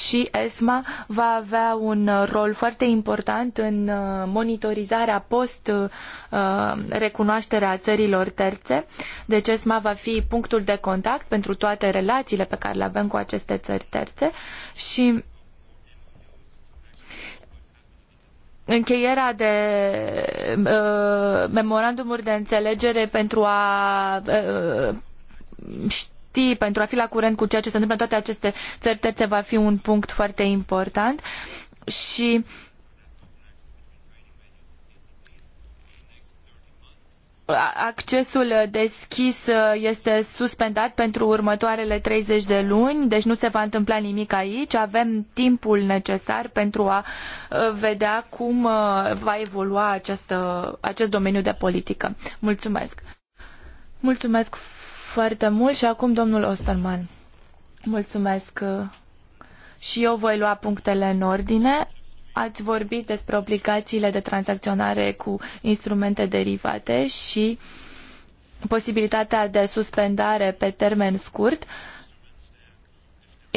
și ESMA va avea un rol foarte important în uh, monitorizarea post-recunoașterea țărilor terțe. Deci ESMA va fi punctul de contact pentru toate relațiile pe care le avem cu aceste țări terțe și încheierea de uh, memorandumuri de înțelegere pentru a uh, ști, pentru a fi la curent cu ceea ce se întâmplă în toate aceste țări terțe va fi un punct foarte important și uh, accesul deschis uh, este suspendat pentru următoarele 30 de luni, deci nu se va întâmpla nimic aici. Avem timpul necesar pentru a uh, vedea cum uh, va evolua această, acest domeniu de politică. Mulțumesc! Mulțumesc foarte mult și acum domnul Osterman. Mulțumesc și eu voi lua punctele în ordine. Ați vorbit despre obligațiile de tranzacționare cu instrumente derivate și posibilitatea de suspendare pe termen scurt. Uh,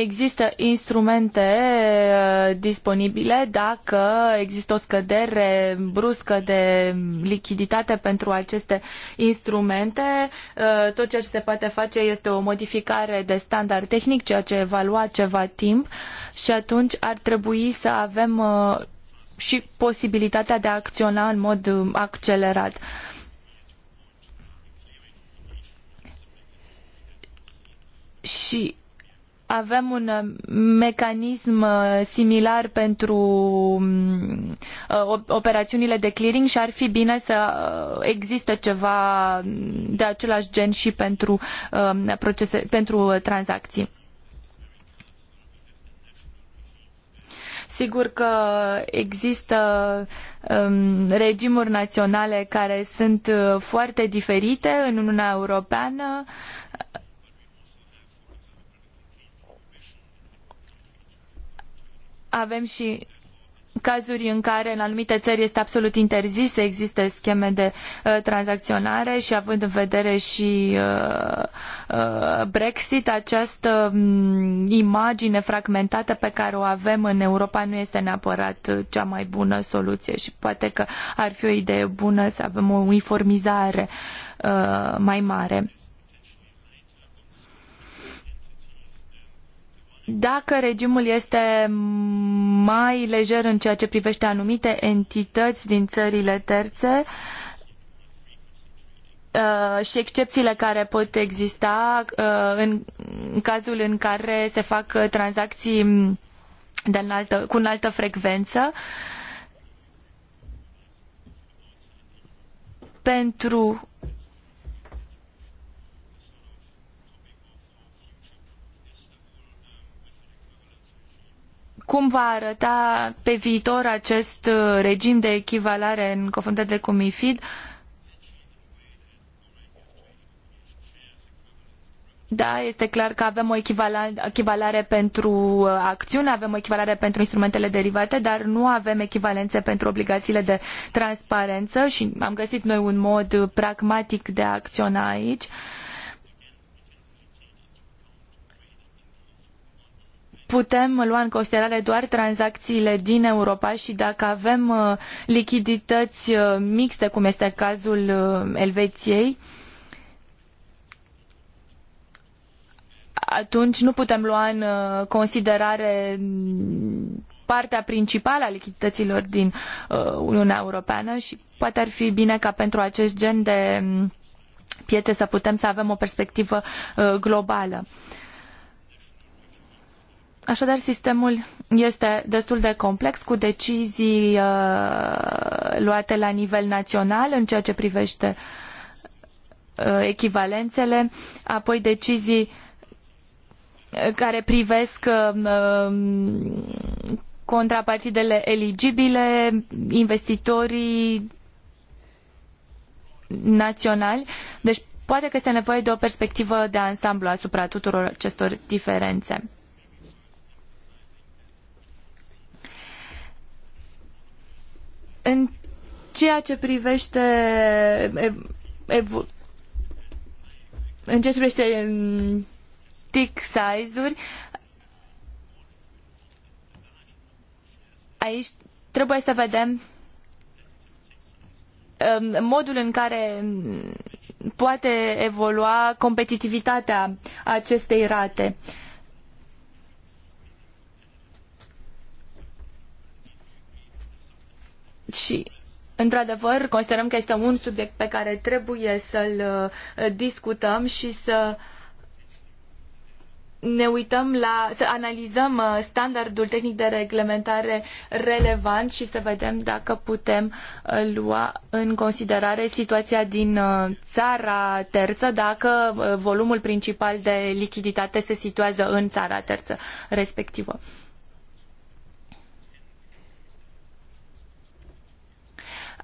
Există instrumente uh, disponibile dacă există o scădere bruscă de lichiditate pentru aceste instrumente. Uh, tot ceea ce se poate face este o modificare de standard tehnic, ceea ce evalua ceva timp și atunci ar trebui să avem uh, și posibilitatea de a acționa în mod accelerat. Și avem un uh, mecanism uh, similar pentru uh, operațiunile de clearing și ar fi bine să existe ceva de același gen și pentru, um, procese, pentru tranzacții. Sigur că există um, regimuri naționale care sunt foarte diferite în Uniunea Europeană. avem și cazuri în care în anumite țări este absolut interzis să existe scheme de uh, tranzacționare și având în vedere și uh, uh, Brexit, această um, imagine fragmentată pe care o avem în Europa nu este neapărat uh, cea mai bună soluție și poate că ar fi o idee bună să avem o uniformizare uh, mai mare. Dacă regimul este mai lejer în ceea ce privește anumite entități din țările terțe, uh, și excepțiile care pot exista uh, în cazul în care se fac uh, tranzacții de înaltă, cu înaltă frecvență. Pentru cum va arăta pe viitor acest uh, regim de echivalare în confruntările cu MIFID. Da, este clar că avem o echivalare pentru uh, acțiuni, avem o echivalare pentru instrumentele derivate, dar nu avem echivalențe pentru obligațiile de transparență și am găsit noi un mod pragmatic de a acționa aici. Uh, putem lua în considerare doar tranzacțiile din Europa și dacă avem uh, lichidități uh, mixte, cum este cazul uh, Elveției, atunci nu putem lua în considerare partea principală a lichidităților din Uniunea Europeană și poate ar fi bine ca pentru acest gen de mm, piete să putem să avem o perspectivă globală. Așadar, sistemul este destul de complex, cu decizii uh, luate la nivel național în ceea ce privește uh, echivalențele, apoi decizii uh, care privesc uh, um, contrapartidele eligibile, investitorii naționali. Deci poate că este nevoie de o perspectivă de ansamblu asupra tuturor acestor diferențe. În ceea ce privește în ceea ce privește um, tick size-uri, aici trebuie să vedem um, modul în care um, poate evolua competitivitatea acestei rate. Uh, Și într-adevăr, considerăm că este un subiect pe care trebuie să-l uh, discutăm și să ne uităm la, să analizăm uh, standardul tehnic de reglementare relevant și să vedem dacă putem uh, lua în considerare situația din țara terță, dacă volumul principal de lichiditate se situează în țara terță respectivă.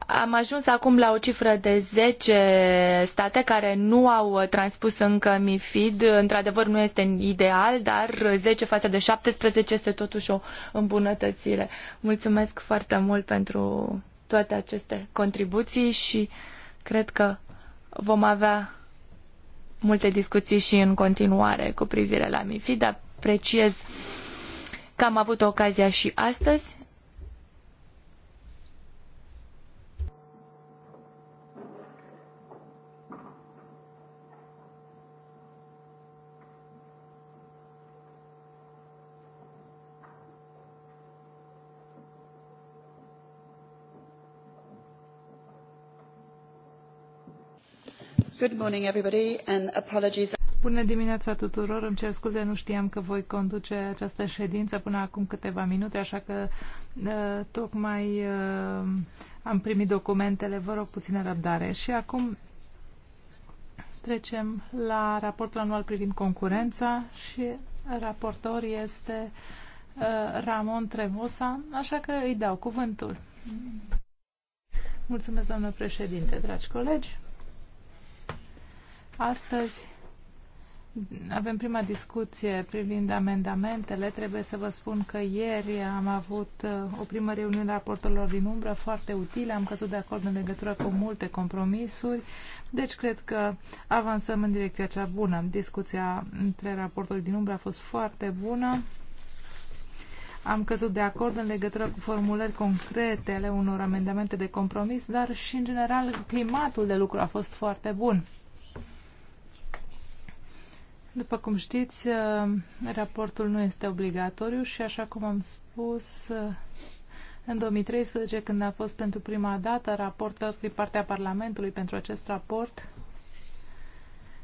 am ajuns acum la o cifră de zece state care nu au transpus încă MIFID. Într-adevăr, nu este ideal, dar zece față de 17 este totuși o îmbunătățire. Mulțumesc foarte mult pentru toate aceste contribuții și cred că vom avea multe discuții și în continuare cu privire la MIFID. Apreciez că am avut ocazia și astăzi Bună dimineața tuturor, îmi cer scuze, nu știam că voi conduce această ședință până acum câteva minute, așa că uh, tocmai uh, am primit documentele, vă rog puțină răbdare. Și acum trecem la raportul anual privind concurența și raportor este uh, Ramon Trevosa, așa că îi dau cuvântul. Mulțumesc, doamnă președinte, dragi colegi. Astăzi avem prima discuție privind amendamentele. Trebuie să vă spun că ieri am avut uh, o primă reuniune a raportorilor din umbră foarte utilă. Am căzut de acord în legătură cu multe compromisuri. Deci cred că avansăm în direcția cea bună. Discuția între raportorii din umbră a fost foarte bună. Am căzut de acord în legătură cu formulări concrete ale unor amendamente de compromis, dar și în general climatul de lucru a fost foarte bun după cum știți, uh, raportul nu este obligatoriu și, așa cum am spus, uh, în 2013, când a fost pentru prima dată raportul din partea Parlamentului pentru acest raport,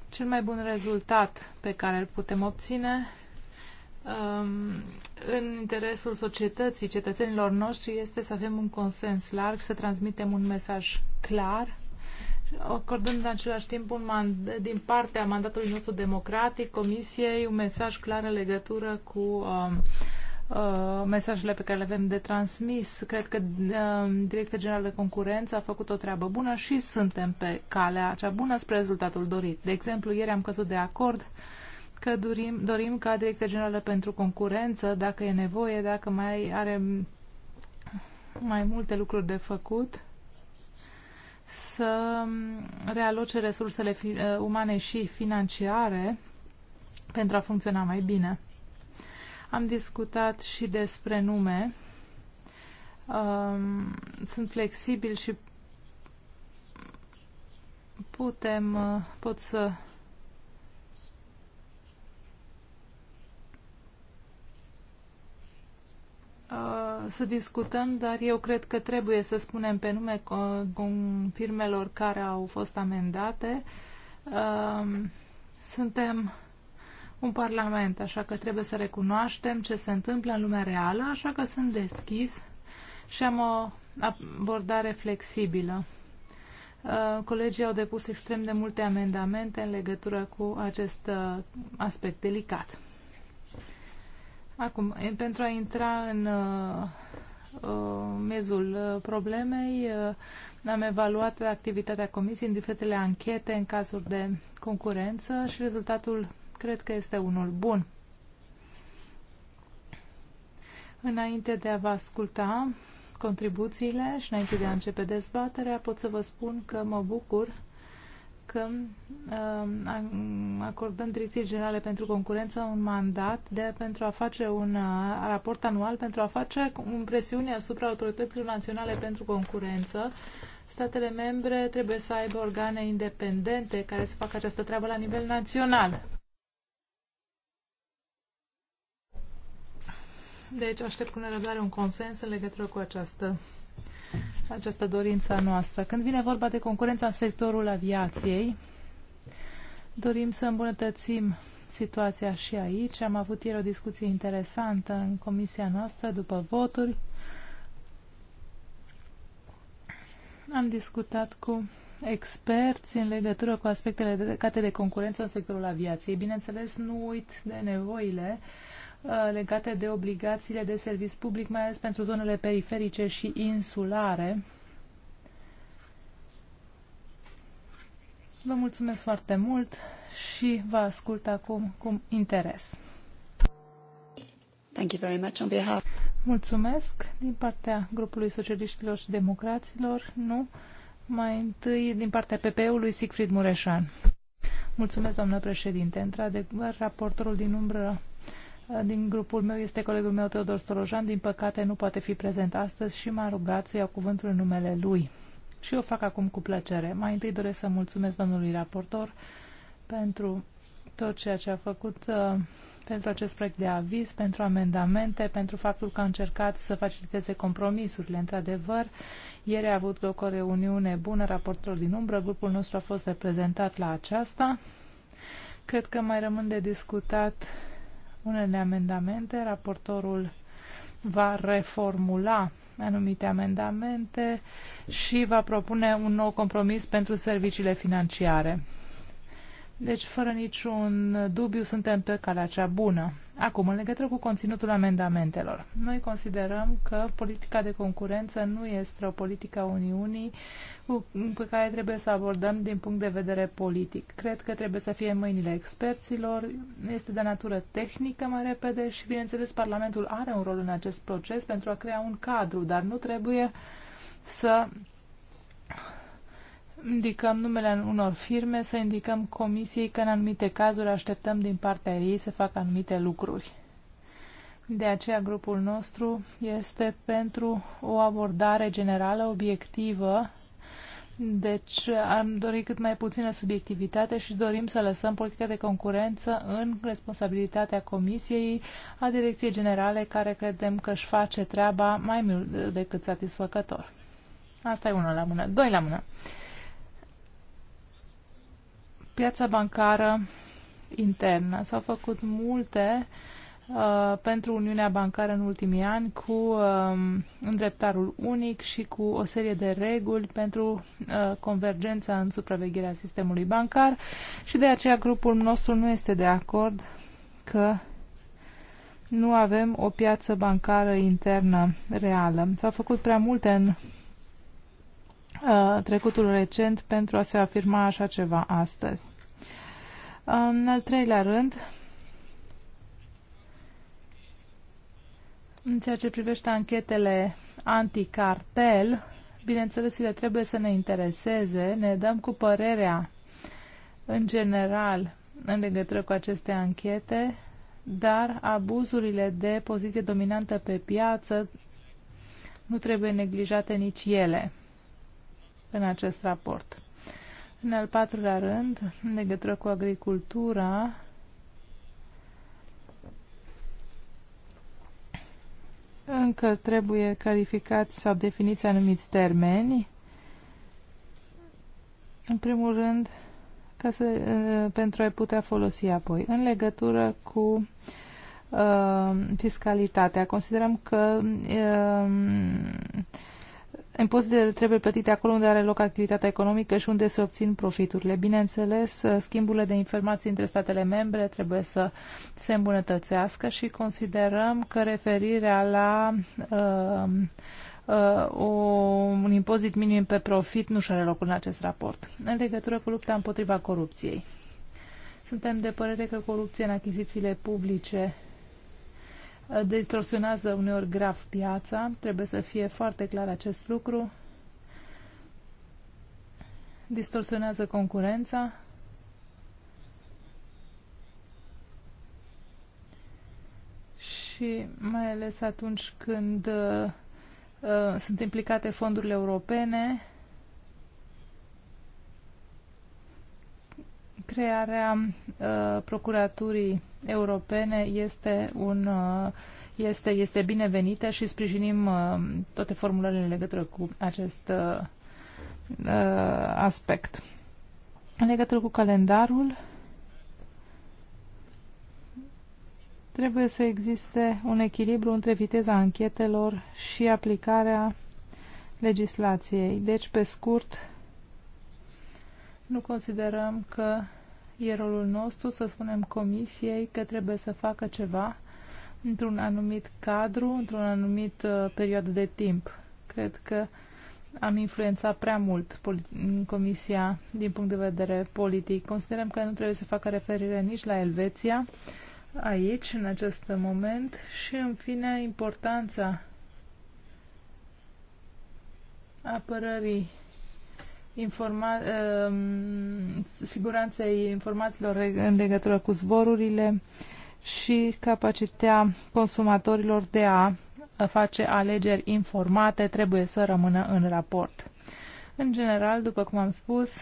cel mai bun rezultat pe care îl putem obține um, în interesul societății, cetățenilor noștri, este să avem un consens larg, să transmitem un mesaj clar acordând în același timp un mand- din partea mandatului nostru democratic Comisiei un mesaj clar în legătură cu uh, uh, mesajele pe care le avem de transmis. Cred că uh, Direcția Generală de Concurență a făcut o treabă bună și suntem pe calea cea bună spre rezultatul dorit. De exemplu, ieri am căzut de acord că dorim, dorim ca Direcția Generală pentru Concurență, dacă e nevoie, dacă mai are mai multe lucruri de făcut, să realoce resursele uh, umane și financiare pentru a funcționa mai bine. Am discutat și despre nume. Um, sunt flexibil și putem, uh, pot să să discutăm, dar eu cred că trebuie să spunem pe nume firmelor care au fost amendate. Um, suntem un parlament, așa că trebuie să recunoaștem ce se întâmplă în lumea reală, așa că sunt deschis și am o abordare flexibilă. Uh, colegii au depus extrem de multe amendamente în legătură cu acest uh, aspect delicat. Acum, pentru a intra în uh, uh mezul uh, problemei, uh, am evaluat activitatea comisiei în diferitele anchete în cazuri de concurență și rezultatul cred că este unul bun. Înainte de a vă asculta contribuțiile și înainte de a începe dezbaterea, pot să vă spun că mă bucur că um, acordăm Direcției Generale pentru Concurență un mandat de, pentru a face un uh, raport anual, pentru a face un presiune asupra autorităților naționale pentru concurență. Statele membre trebuie să aibă organe independente care să facă această treabă la nivel național. Deci aștept cu nerăbdare un consens în legătură cu această această dorință a noastră. Când vine vorba de concurența în sectorul aviației, dorim să îmbunătățim situația și aici. Am avut ieri o discuție interesantă în comisia noastră după voturi. Am discutat cu experți în legătură cu aspectele legate de concurență în sectorul aviației. Bineînțeles, nu uit de nevoile uh, Uh, legate de obligațiile de servis public, mai ales pentru zonele periferice și insulare. Vă mulțumesc foarte mult și vă ascult acum cu interes. Thank you very much on behalf. Mulțumesc din partea grupului socialiștilor și democraților. Nu. Mai întâi din partea PP-ului Siegfried Mureșan. Mulțumesc, doamnă președinte. Într-adevăr, raportorul din umbră din grupul meu este colegul meu Teodor Stolojan, din păcate nu poate fi prezent astăzi și m-a rugat să iau cuvântul în numele lui. Și o fac acum cu plăcere. Mai întâi doresc să mulțumesc domnului raportor pentru tot ceea ce a făcut uh, pentru acest proiect de aviz, pentru amendamente, pentru faptul că a încercat să faciliteze compromisurile. Într-adevăr, ieri a avut loc o reuniune bună, raportor din umbră, grupul nostru a fost reprezentat la aceasta. Cred că mai rămân de discutat propuneri de amendamente. Raportorul va reformula anumite amendamente și va propune un nou compromis pentru serviciile financiare. Deci, fără niciun dubiu, suntem pe calea cea bună. Acum, în legătură cu conținutul amendamentelor, noi considerăm că politica de concurență nu este o politică a Uniunii pe care trebuie să abordăm din punct de vedere politic. Cred că trebuie să fie în mâinile experților, este de natură tehnică mai repede și, bineînțeles, Parlamentul are un rol în acest proces pentru a crea un cadru, dar nu trebuie să indicăm numele unor firme, să indicăm comisiei că în anumite cazuri așteptăm din partea ei să facă anumite lucruri. De aceea grupul nostru este pentru o abordare generală, obiectivă, deci am dorit cât mai puțină subiectivitate și dorim să lăsăm politica de concurență în responsabilitatea Comisiei a Direcției Generale, care credem că își face treaba mai mult decât satisfăcător. Asta e una la mână. Doi la mână. Piața bancară internă. S-au făcut multe uh, Uh, pentru Uniunea Bancară în ultimii ani cu uh, îndreptarul unic și cu o serie de reguli pentru uh, convergența în supravegherea sistemului bancar și de aceea grupul nostru nu este de acord că nu avem o piață bancară internă reală. S-au făcut prea multe în uh, trecutul recent pentru a se afirma așa ceva astăzi. În al treilea rând, În ceea ce privește anchetele anticartel, bineînțeles, ele trebuie să ne intereseze. Ne dăm cu părerea în general în legătură cu aceste anchete, dar abuzurile de poziție dominantă pe piață nu trebuie neglijate nici ele în acest raport. În al patrulea rând, în legătură cu agricultura, Încă trebuie calificați sau definiți anumiți termeni. În primul rând, ca să, uh, pentru a putea folosi apoi. În legătură cu uh, fiscalitatea, considerăm că uh, impozitele trebuie plătite acolo unde are loc activitatea economică și unde se obțin profiturile. Bineînțeles, schimburile de informații între statele membre trebuie să se îmbunătățească și considerăm că referirea la uh, uh, o, un impozit minim pe profit nu și are locul în acest raport. În legătură cu lupta împotriva corupției. Suntem de părere că corupția în achizițiile publice distorsionează uneori grav piața. Trebuie să fie foarte clar acest lucru. Distorsionează concurența. Și mai ales atunci când uh, sunt implicate fondurile europene Crearea uh, Procuraturii Europene este, un, uh, este, este binevenită și sprijinim uh, toate formulările în legătură cu acest uh, uh, aspect. În legătură cu calendarul, trebuie să existe un echilibru între viteza anchetelor și aplicarea legislației. Deci, pe scurt, nu considerăm că E rolul nostru să spunem comisiei că trebuie să facă ceva într-un anumit cadru, într-un anumit uh, perioadă de timp. Cred că am influențat prea mult comisia din punct de vedere politic. Considerăm că nu trebuie să facă referire nici la Elveția aici, în acest moment și, în fine, importanța apărării informa- ehm, siguranței informațiilor în legătură cu zborurile și capacitatea consumatorilor de a face alegeri informate trebuie să rămână în raport. În general, după cum am spus,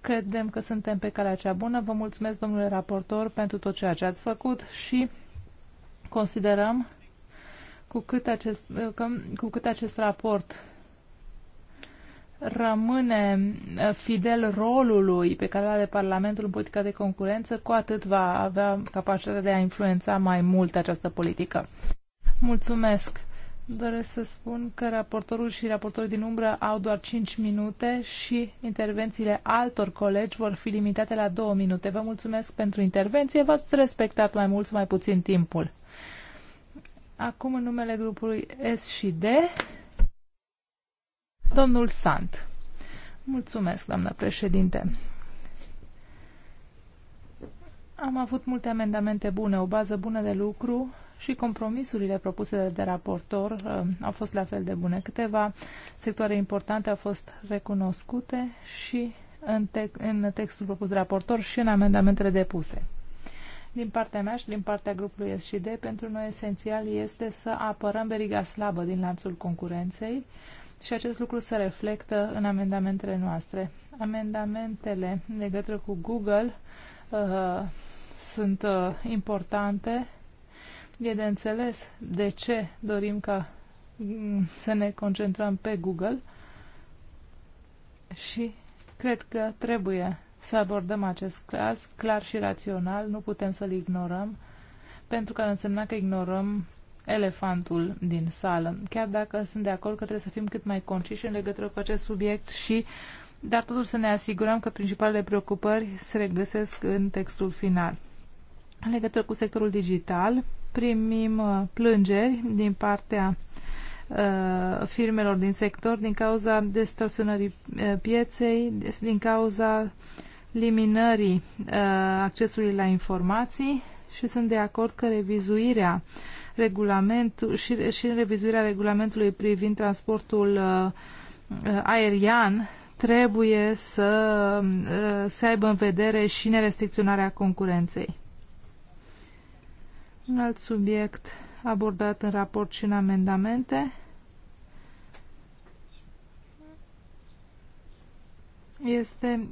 credem că suntem pe calea cea bună. Vă mulțumesc, domnule raportor, pentru tot ceea ce ați făcut și considerăm cu cât acest, cu cât acest raport rămâne uh, fidel rolului pe care îl are Parlamentul în politica de concurență, cu atât va avea capacitatea de a influența mai mult această politică. Mulțumesc! Doresc să spun că raportorul și raportorul din umbră au doar 5 minute și intervențiile altor colegi vor fi limitate la 2 minute. Vă mulțumesc pentru intervenție, v-ați respectat mai mult sau mai puțin timpul. Acum, în numele grupului S și D, Domnul Sant. Mulțumesc, doamnă președinte. Am avut multe amendamente bune, o bază bună de lucru și compromisurile propuse de raportor uh, au fost la fel de bune. Câteva sectoare importante au fost recunoscute și în, te- în textul propus de raportor și în amendamentele depuse. Din partea mea și din partea grupului SD, pentru noi esențial este să apărăm beriga slabă din lanțul concurenței, uh, și acest lucru se reflectă în amendamentele noastre. Amendamentele în legătură cu Google uh, sunt uh, importante. E de înțeles de ce dorim ca mm, să ne concentrăm pe Google și cred că trebuie să abordăm acest caz clar și rațional, nu putem să-l ignorăm, pentru că ar însemna că ignorăm elefantul din sală, chiar dacă sunt de acord că trebuie să fim cât mai conciși în legătură cu acest subiect și dar totuși să ne asigurăm că principalele preocupări se regăsesc în textul final. În legătură cu sectorul digital, primim uh, plângeri din partea uh, firmelor din sector din cauza distorsionării uh, pieței, din cauza liminării accesului la informații și sunt de acord că revizuirea regulamentul și, și revizuirea regulamentului privind transportul uh, uh aerian trebuie să uh, se aibă în vedere și nerestricționarea concurenței. Un alt subiect abordat în raport și în amendamente este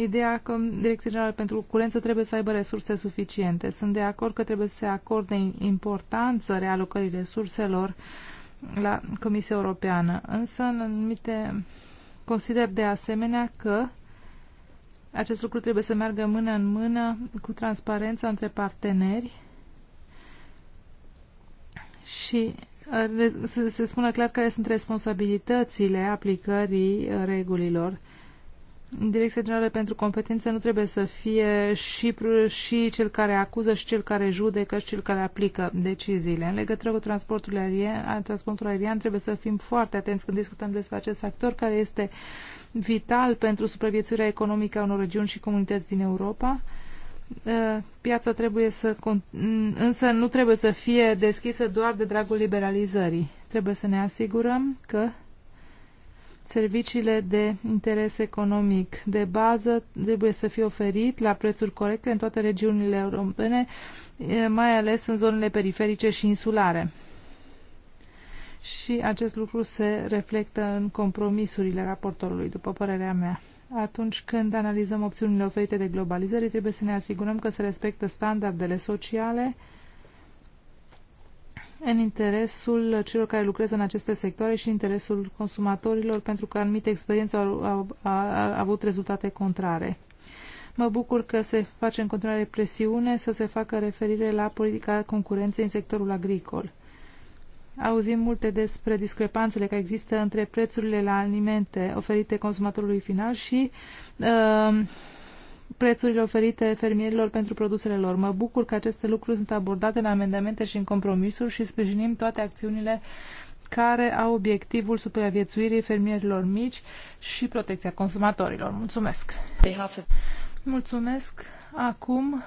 ideea că Direcția Generală pentru Curență trebuie să aibă resurse suficiente. Sunt de acord că trebuie să se acorde importanță realocării resurselor la Comisia Europeană, însă în anumite consider de asemenea că acest lucru trebuie să meargă mână în mână cu transparența între parteneri și să uh, se spună clar care sunt responsabilitățile aplicării uh, regulilor Direcția Generală pentru Competență nu trebuie să fie și, și cel care acuză, și cel care judecă, și cel care aplică deciziile. În legătură cu transportul aerian, transportul aerian trebuie să fim foarte atenți când discutăm despre acest actor care este vital pentru supraviețuirea economică a unor regiuni și comunități din Europa. Uh, piața trebuie să, mm, însă nu trebuie să fie deschisă doar de dragul liberalizării. Trebuie să ne asigurăm că serviciile de interes economic de bază trebuie să fie oferit la prețuri corecte în toate regiunile europene, mai ales în zonele periferice și insulare. Și acest lucru se reflectă în compromisurile raportorului, după părerea mea. Atunci când analizăm opțiunile oferite de globalizare, trebuie să ne asigurăm că se respectă standardele sociale, în interesul celor care lucrează în aceste sectoare și în interesul consumatorilor, pentru că anumite experiențe au, au, au avut rezultate contrare. Mă bucur că se face în continuare presiune să se facă referire la politica concurenței în sectorul agricol. Auzim multe despre discrepanțele care există între prețurile la alimente oferite consumatorului final și uh, prețurile oferite fermierilor pentru produsele lor. Mă bucur că aceste lucruri sunt abordate în amendamente și în compromisuri și sprijinim toate acțiunile care au obiectivul supraviețuirii fermierilor mici și protecția consumatorilor. Mulțumesc! Mulțumesc! Acum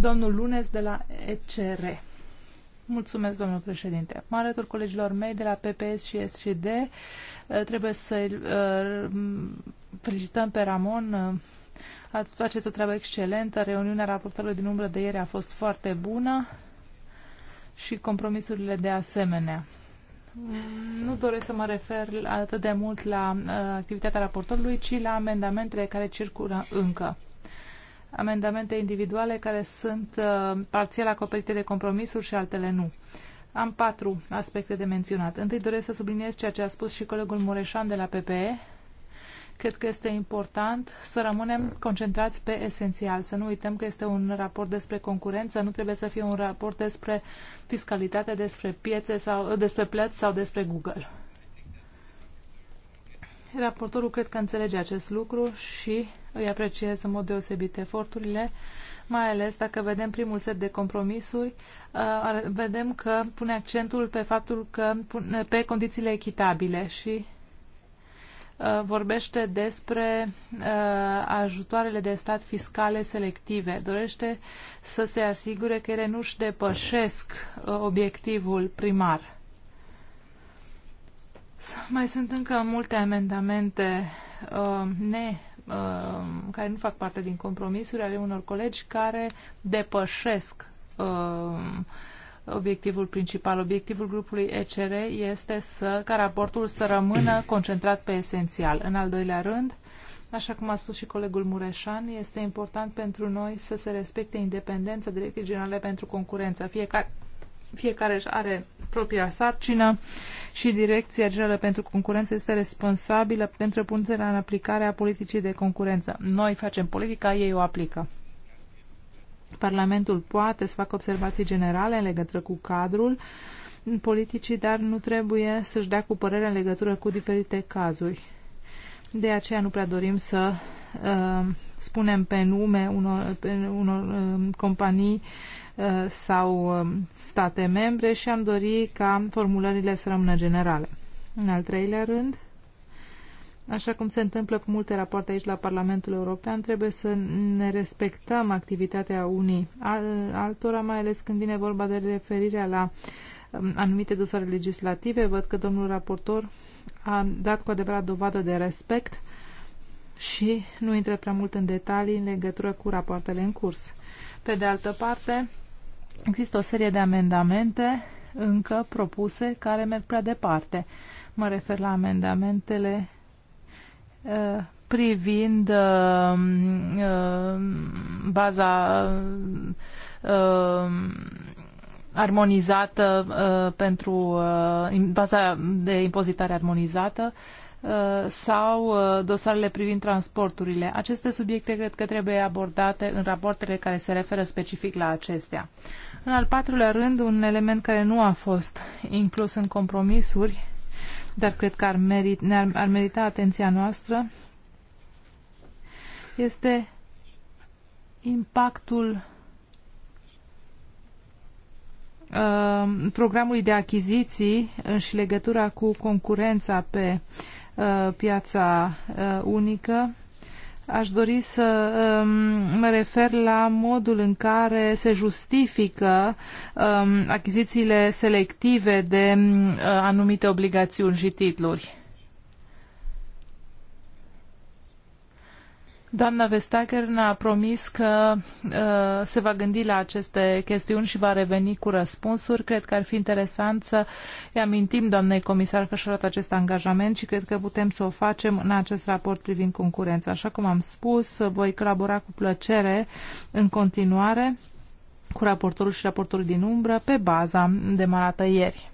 domnul Lunes de la ECR. Mulțumesc, domnul președinte. Mă alătur colegilor mei de la PPS și SCD. Trebuie să uh, felicităm pe Ramon. Uh, ați faceți o treabă excelentă. Reuniunea raportorilor din umbră de ieri a fost foarte bună și compromisurile de asemenea. Nu doresc să mă refer atât de mult la uh, activitatea raportorului, ci la amendamentele care circulă încă. Amendamente individuale care sunt uh, parțial acoperite de compromisuri și altele nu. Am patru aspecte de menționat. Întâi doresc să subliniez ceea ce a spus și colegul Mureșan de la PPE, Cred că este important să rămânem concentrați pe esențial, să nu uităm că este un raport despre concurență, nu trebuie să fie un raport despre fiscalitate, despre piețe sau despre plăți sau despre Google. Raportorul cred că înțelege acest lucru și îi apreciez în mod deosebit eforturile, mai ales dacă vedem primul set de compromisuri, uh, vedem că pune accentul pe faptul că pe condițiile echitabile și Uh, vorbește despre uh, ajutoarele de stat fiscale selective. Dorește să se asigure că ele nu-și depășesc uh, obiectivul primar. Mai sunt încă multe amendamente uh, ne, uh, care nu fac parte din compromisuri ale unor colegi care depășesc uh, obiectivul principal. Obiectivul grupului ECR este să, ca raportul să rămână concentrat pe esențial. În al doilea rând, Așa cum a spus și colegul Mureșan, este important pentru noi să se respecte independența Direcției Generale pentru Concurență. Fiecare, fiecare își are propria sarcină și Direcția Generală pentru Concurență este responsabilă pentru punerea în aplicare a politicii de concurență. Noi facem politica, ei o aplică. Parlamentul poate să facă observații generale în legătură cu cadrul politicii, dar nu trebuie să-și dea cu părere în legătură cu diferite cazuri. De aceea nu prea dorim să uh, spunem pe nume unor, pe unor uh, companii uh, sau uh, state membre și am dori ca formulările să rămână generale. În al treilea rând, Așa cum se întâmplă cu multe rapoarte aici la Parlamentul European, trebuie să ne respectăm activitatea unii altora, mai ales când vine vorba de referirea la um, anumite dosare legislative. Văd că domnul raportor a dat cu adevărat dovadă de respect și nu intră prea mult în detalii în legătură cu rapoartele în curs. Pe de altă parte, există o serie de amendamente încă propuse care merg prea departe. Mă refer la amendamentele Uh, privind uh, uh, baza uh, armonizată uh, pentru uh, baza de impozitare armonizată uh, sau uh, dosarele privind transporturile. Aceste subiecte cred că trebuie abordate în rapoartele care se referă specific la acestea. În al patrulea rând, un element care nu a fost inclus în compromisuri dar cred că ar, merit, ar, ar merita atenția noastră, este impactul uh, programului de achiziții și legătura cu concurența pe uh, piața uh, unică aș dori să um, mă refer la modul în care se justifică um, achizițiile selective de um, anumite obligațiuni și titluri. Doamna Vestager ne-a promis că uh, se va gândi la aceste chestiuni și va reveni cu răspunsuri. Cred că ar fi interesant să îi amintim doamnei comisar că și-a luat acest angajament și cred că putem să o facem în acest raport privind concurența. Așa cum am spus, voi colabora cu plăcere în continuare cu raportorul și raportorul din umbră pe baza demarată ieri.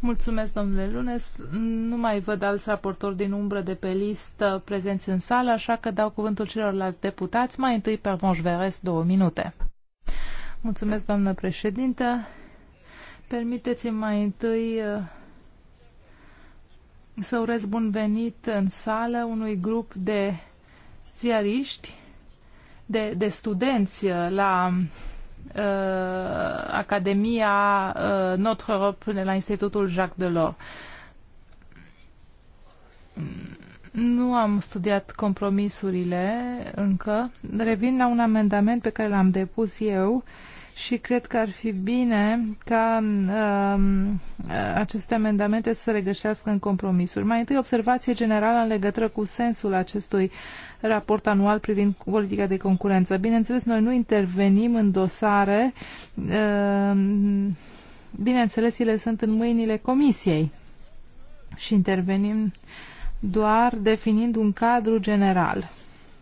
Mulțumesc, domnule Lunes. Nu mai văd alți raportori din umbră de pe listă prezenți în sală, așa că dau cuvântul celorlalți deputați. Mai întâi pe Avonș Veres, două minute. Mulțumesc, doamnă președintă. Permiteți-mi mai întâi uh, să urez bun venit în sală unui grup de ziariști, de, de studenți uh, la uh, Academia uh, Notre Europe până la Institutul Jacques Delors. Nu am studiat compromisurile încă. Revin la un amendament pe care l-am depus eu uh, și cred că ar fi bine ca um, aceste amendamente să se regășească în compromisuri. Mai întâi, observație generală în legătură cu sensul acestui raport anual privind politica de concurență. Bineînțeles, noi nu intervenim în dosare. Um, bineînțeles, ele sunt în mâinile comisiei și intervenim doar definind un cadru general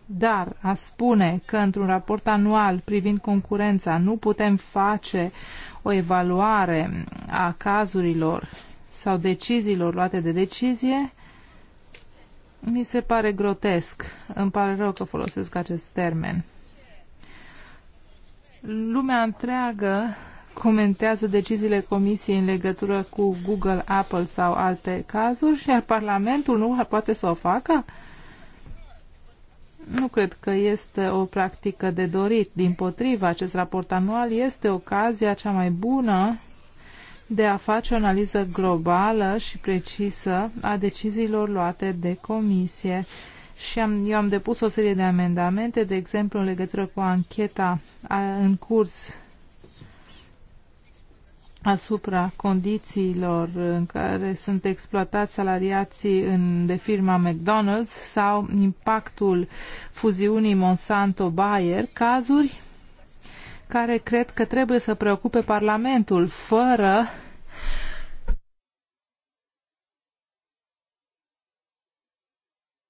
dar a spune că într-un raport anual privind concurența nu putem face o evaluare a cazurilor sau deciziilor luate de decizie, mi se pare grotesc. Îmi pare rău că folosesc acest termen. Lumea întreagă comentează deciziile Comisiei în legătură cu Google, Apple sau alte cazuri, iar Parlamentul nu poate să o facă? Nu cred că este o practică de dorit. Din potriva, acest raport anual este ocazia cea mai bună de a face o analiză globală și precisă a deciziilor luate de comisie. Și am, eu am depus o serie de amendamente, de exemplu în legătură cu ancheta în curs asupra condițiilor în care sunt exploatați salariații în, de firma McDonald's sau impactul fuziunii Monsanto-Bayer, cazuri care cred că trebuie să preocupe Parlamentul fără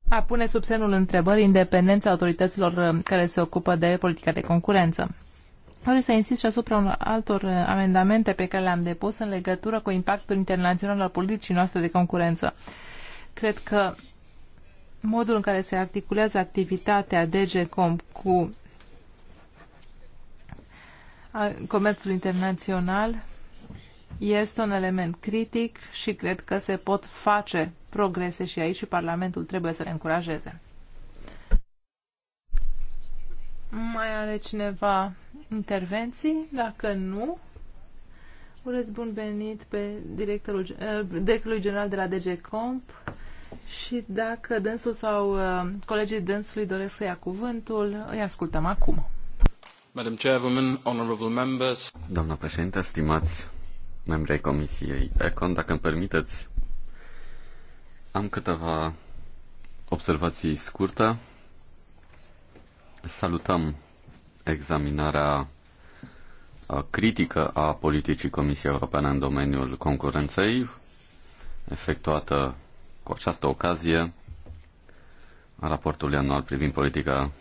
a pune sub semnul întrebării independența autorităților care se ocupă de politica de concurență. Vreau să insist și asupra altor uh, amendamente pe care le-am depus în legătură cu impactul internațional al politicii noastre de concurență. Cred că modul în care se articulează activitatea DGCOM cu comerțul internațional este un element critic și cred că se pot face progrese și aici și Parlamentul trebuie să le încurajeze. Mai are cineva intervenții? Dacă nu, urez bun venit pe directorul, eh, directorului general de la DG Comp și dacă dânsul sau eh, colegii dânsului doresc să ia cuvântul, îi ascultăm acum. Madam Chairwoman, honorable members. Doamna președinte, stimați membri ai Comisiei ECON, dacă îmi permiteți, am câteva observații scurte. Salutăm examinarea critică a politicii Comisiei Europene în domeniul concurenței, efectuată cu această ocazie a raportului anual privind politica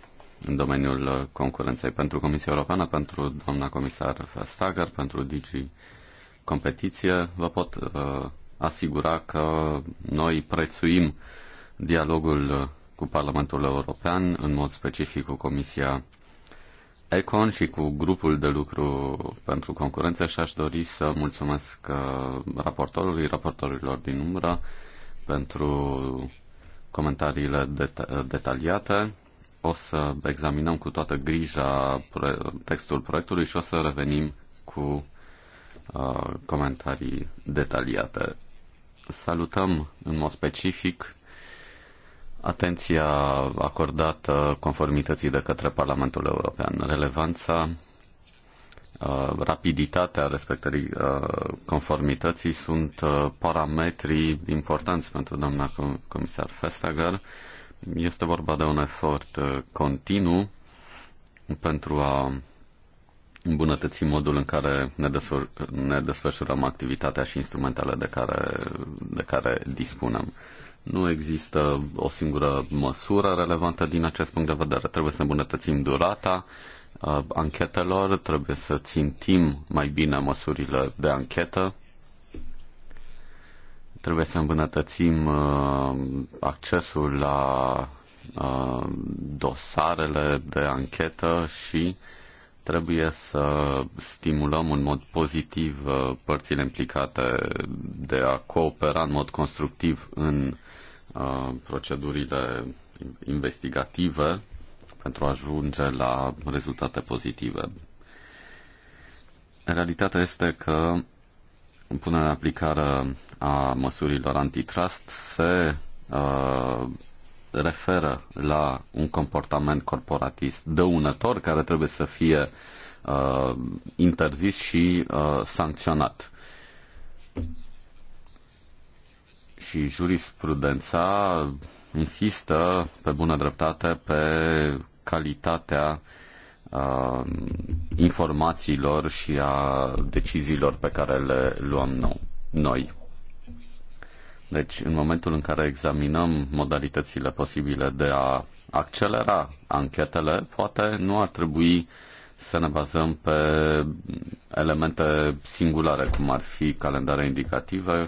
în domeniul concurenței pentru Comisia Europeană, pentru doamna comisar Stager, pentru Digi Competiție. Vă pot uh, asigura că noi prețuim dialogul cu Parlamentul European, în mod specific cu Comisia Econ și cu grupul de lucru pentru concurență și aș dori să mulțumesc uh, raportorului, raportorilor din umbră pentru comentariile deta- detaliate. O să examinăm cu toată grija pre- textul proiectului și o să revenim cu uh, comentarii detaliate. Salutăm în mod specific atenția acordată conformității de către Parlamentul European, relevanța, uh, rapiditatea respectării uh, conformității sunt uh, parametri importanți pentru doamna comisar Vestager. Este vorba de un efort continuu pentru a îmbunătăți modul în care ne, desfăr- ne desfășurăm activitatea și instrumentele de care, de care dispunem. Nu există o singură măsură relevantă din acest punct de vedere. Trebuie să îmbunătățim durata uh, anchetelor, trebuie să țintim mai bine măsurile de anchetă, trebuie să îmbunătățim uh, accesul la uh, dosarele de anchetă și trebuie să stimulăm în mod pozitiv părțile implicate de a coopera în mod constructiv în Uh, procedurile investigative pentru a ajunge la rezultate pozitive. Realitatea este că punerea în aplicare a măsurilor antitrust se uh, referă la un comportament corporatist dăunător care trebuie să fie uh, interzis și uh, sancționat și jurisprudența insistă pe bună dreptate pe calitatea uh, informațiilor și a deciziilor pe care le luăm noi. Deci, în momentul în care examinăm modalitățile posibile de a accelera anchetele, poate nu ar trebui să ne bazăm pe elemente singulare, cum ar fi calendare indicative,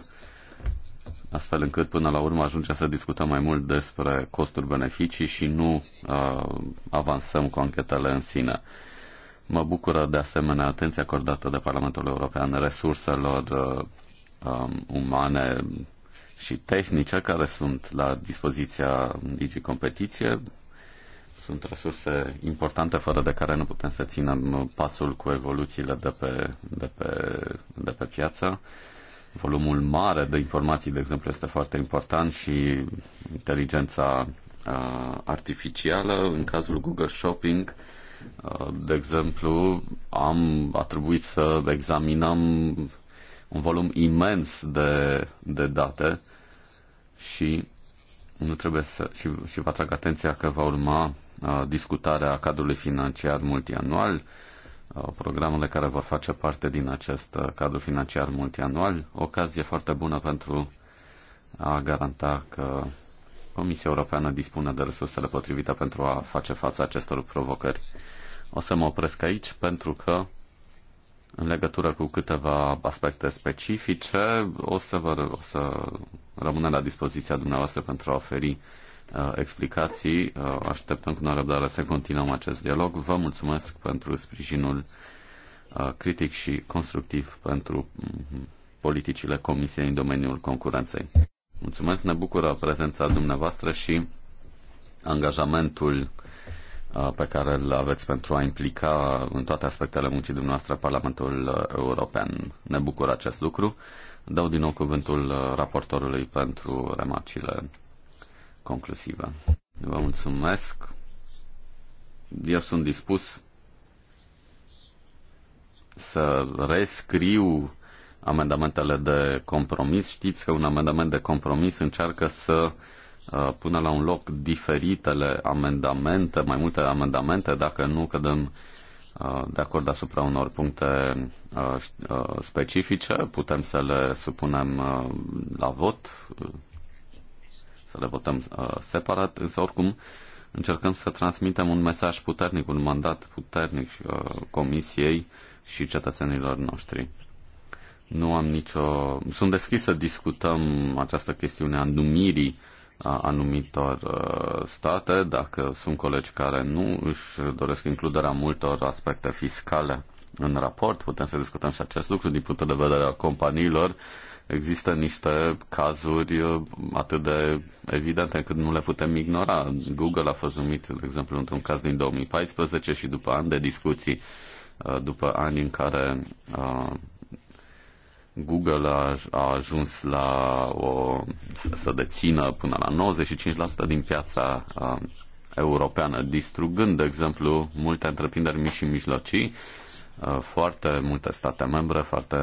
astfel încât până la urmă ajungem să discutăm mai mult despre costuri-beneficii și nu uh, avansăm cu anchetele în sine. Mă bucură de asemenea atenția acordată de Parlamentul European resurselor uh, um, umane și tehnice care sunt la dispoziția Digi Competiție. Sunt resurse importante fără de care nu putem să ținem pasul cu evoluțiile de pe, de pe, de pe piață. Uh, Volumul mare de informații, de exemplu, este foarte important și inteligența artificială. În cazul Google Shopping, de exemplu, am atribuit să examinăm un volum imens de, de date și nu trebuie să și, și vă atrag atenția că va urma discutarea cadrului financiar multianual Uh, programele care vor face parte din acest uh, cadru financiar multianual. Ocazie foarte bună pentru a garanta că Comisia Europeană dispune de resursele potrivite pentru a face față acestor provocări. O să mă opresc aici pentru că în legătură cu câteva aspecte specifice, o să, vă, o să rămâne la dispoziția dumneavoastră pentru a oferi Uh, explicații. Uh, așteptăm cu nerăbdare să continuăm acest dialog. Vă mulțumesc pentru sprijinul uh, critic și constructiv pentru mm, politicile Comisiei în domeniul concurenței. Mulțumesc, ne bucură prezența dumneavoastră și angajamentul pe care îl aveți pentru a implica în toate aspectele muncii dumneavoastră Parlamentul European. Ne bucură acest lucru. Dau din nou cuvântul raportorului pentru remarcile conclusivă. Vă mulțumesc. Eu sunt dispus să rescriu amendamentele de compromis. Știți că un amendament de compromis încearcă să uh, pună la un loc diferitele amendamente, mai multe amendamente, dacă nu cădem uh, de acord asupra unor puncte uh, specifice, putem să le supunem la vot să le votăm uh, separat, însă oricum încercăm să transmitem un mesaj puternic, un mandat puternic uh, Comisiei și cetățenilor noștri. Nu am nicio... Sunt deschis să discutăm această chestiune a numirii a anumitor uh, state, dacă sunt colegi care nu își doresc includerea multor aspecte fiscale în raport, putem să discutăm și acest lucru din punctul de vedere al companiilor există niște cazuri uh, atât de evidente încât nu le putem ignora. Google a fost numit, de exemplu, într-un caz din 2014 și după ani de discuții, uh, după ani în care uh, Google a, ajuns la o, să dețină până la 95% din piața europeană, distrugând, de exemplu, multe întreprinderi mici și mijlocii, Uh, foarte multe state membre, foarte,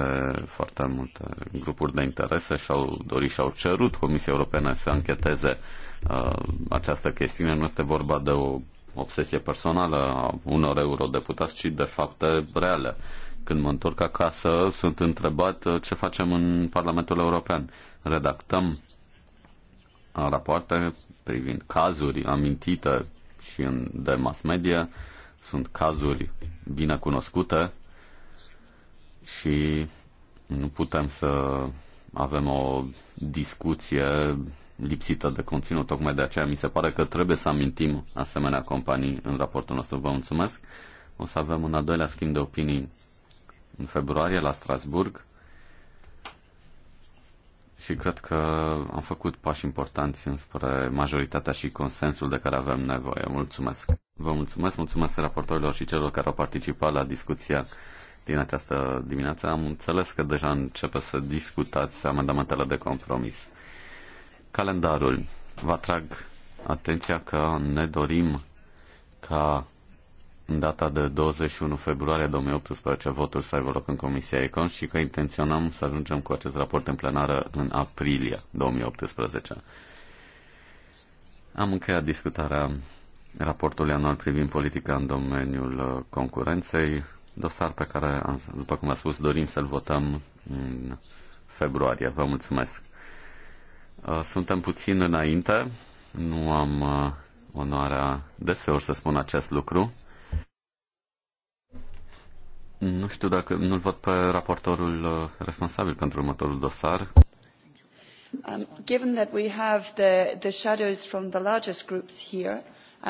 foarte multe grupuri de interese și-au dorit și-au cerut Comisia Europeană să încheteze uh, această chestiune. Nu este vorba de o obsesie personală a unor eurodeputați, ci de fapte reale. Când mă întorc acasă, sunt întrebat uh, ce facem în Parlamentul European. Redactăm uh, rapoarte privind cazuri amintite și în, de mass media. Sunt cazuri bine cunoscută și nu putem să avem o discuție lipsită de conținut. Tocmai de aceea mi se pare că trebuie să amintim asemenea companii în raportul nostru. Vă mulțumesc. O să avem un al doilea schimb de opinii în februarie la Strasburg și cred că am făcut pași importanți înspre majoritatea și consensul de care avem nevoie. Mulțumesc! Vă mulțumesc, mulțumesc raportorilor și celor care au participat la discuția din această dimineață. Am înțeles că deja începe să discutați amendamentele de compromis. Calendarul. Vă atrag atenția că ne dorim ca în data de 21 februarie 2018 votul să aibă loc în Comisia Econ și că intenționăm să ajungem cu acest raport în plenară în aprilie 2018. Am încheiat discutarea raportul anual privind politica în domeniul uh, concurenței, dosar pe care, după cum a spus, dorim să-l votăm în februarie. Vă mulțumesc. Uh, suntem puțin înainte, nu am uh, onoarea deseori să spun acest lucru. Nu știu dacă nu-l văd pe raportorul responsabil pentru următorul dosar. Um, given that we have the, the shadows from the largest groups here,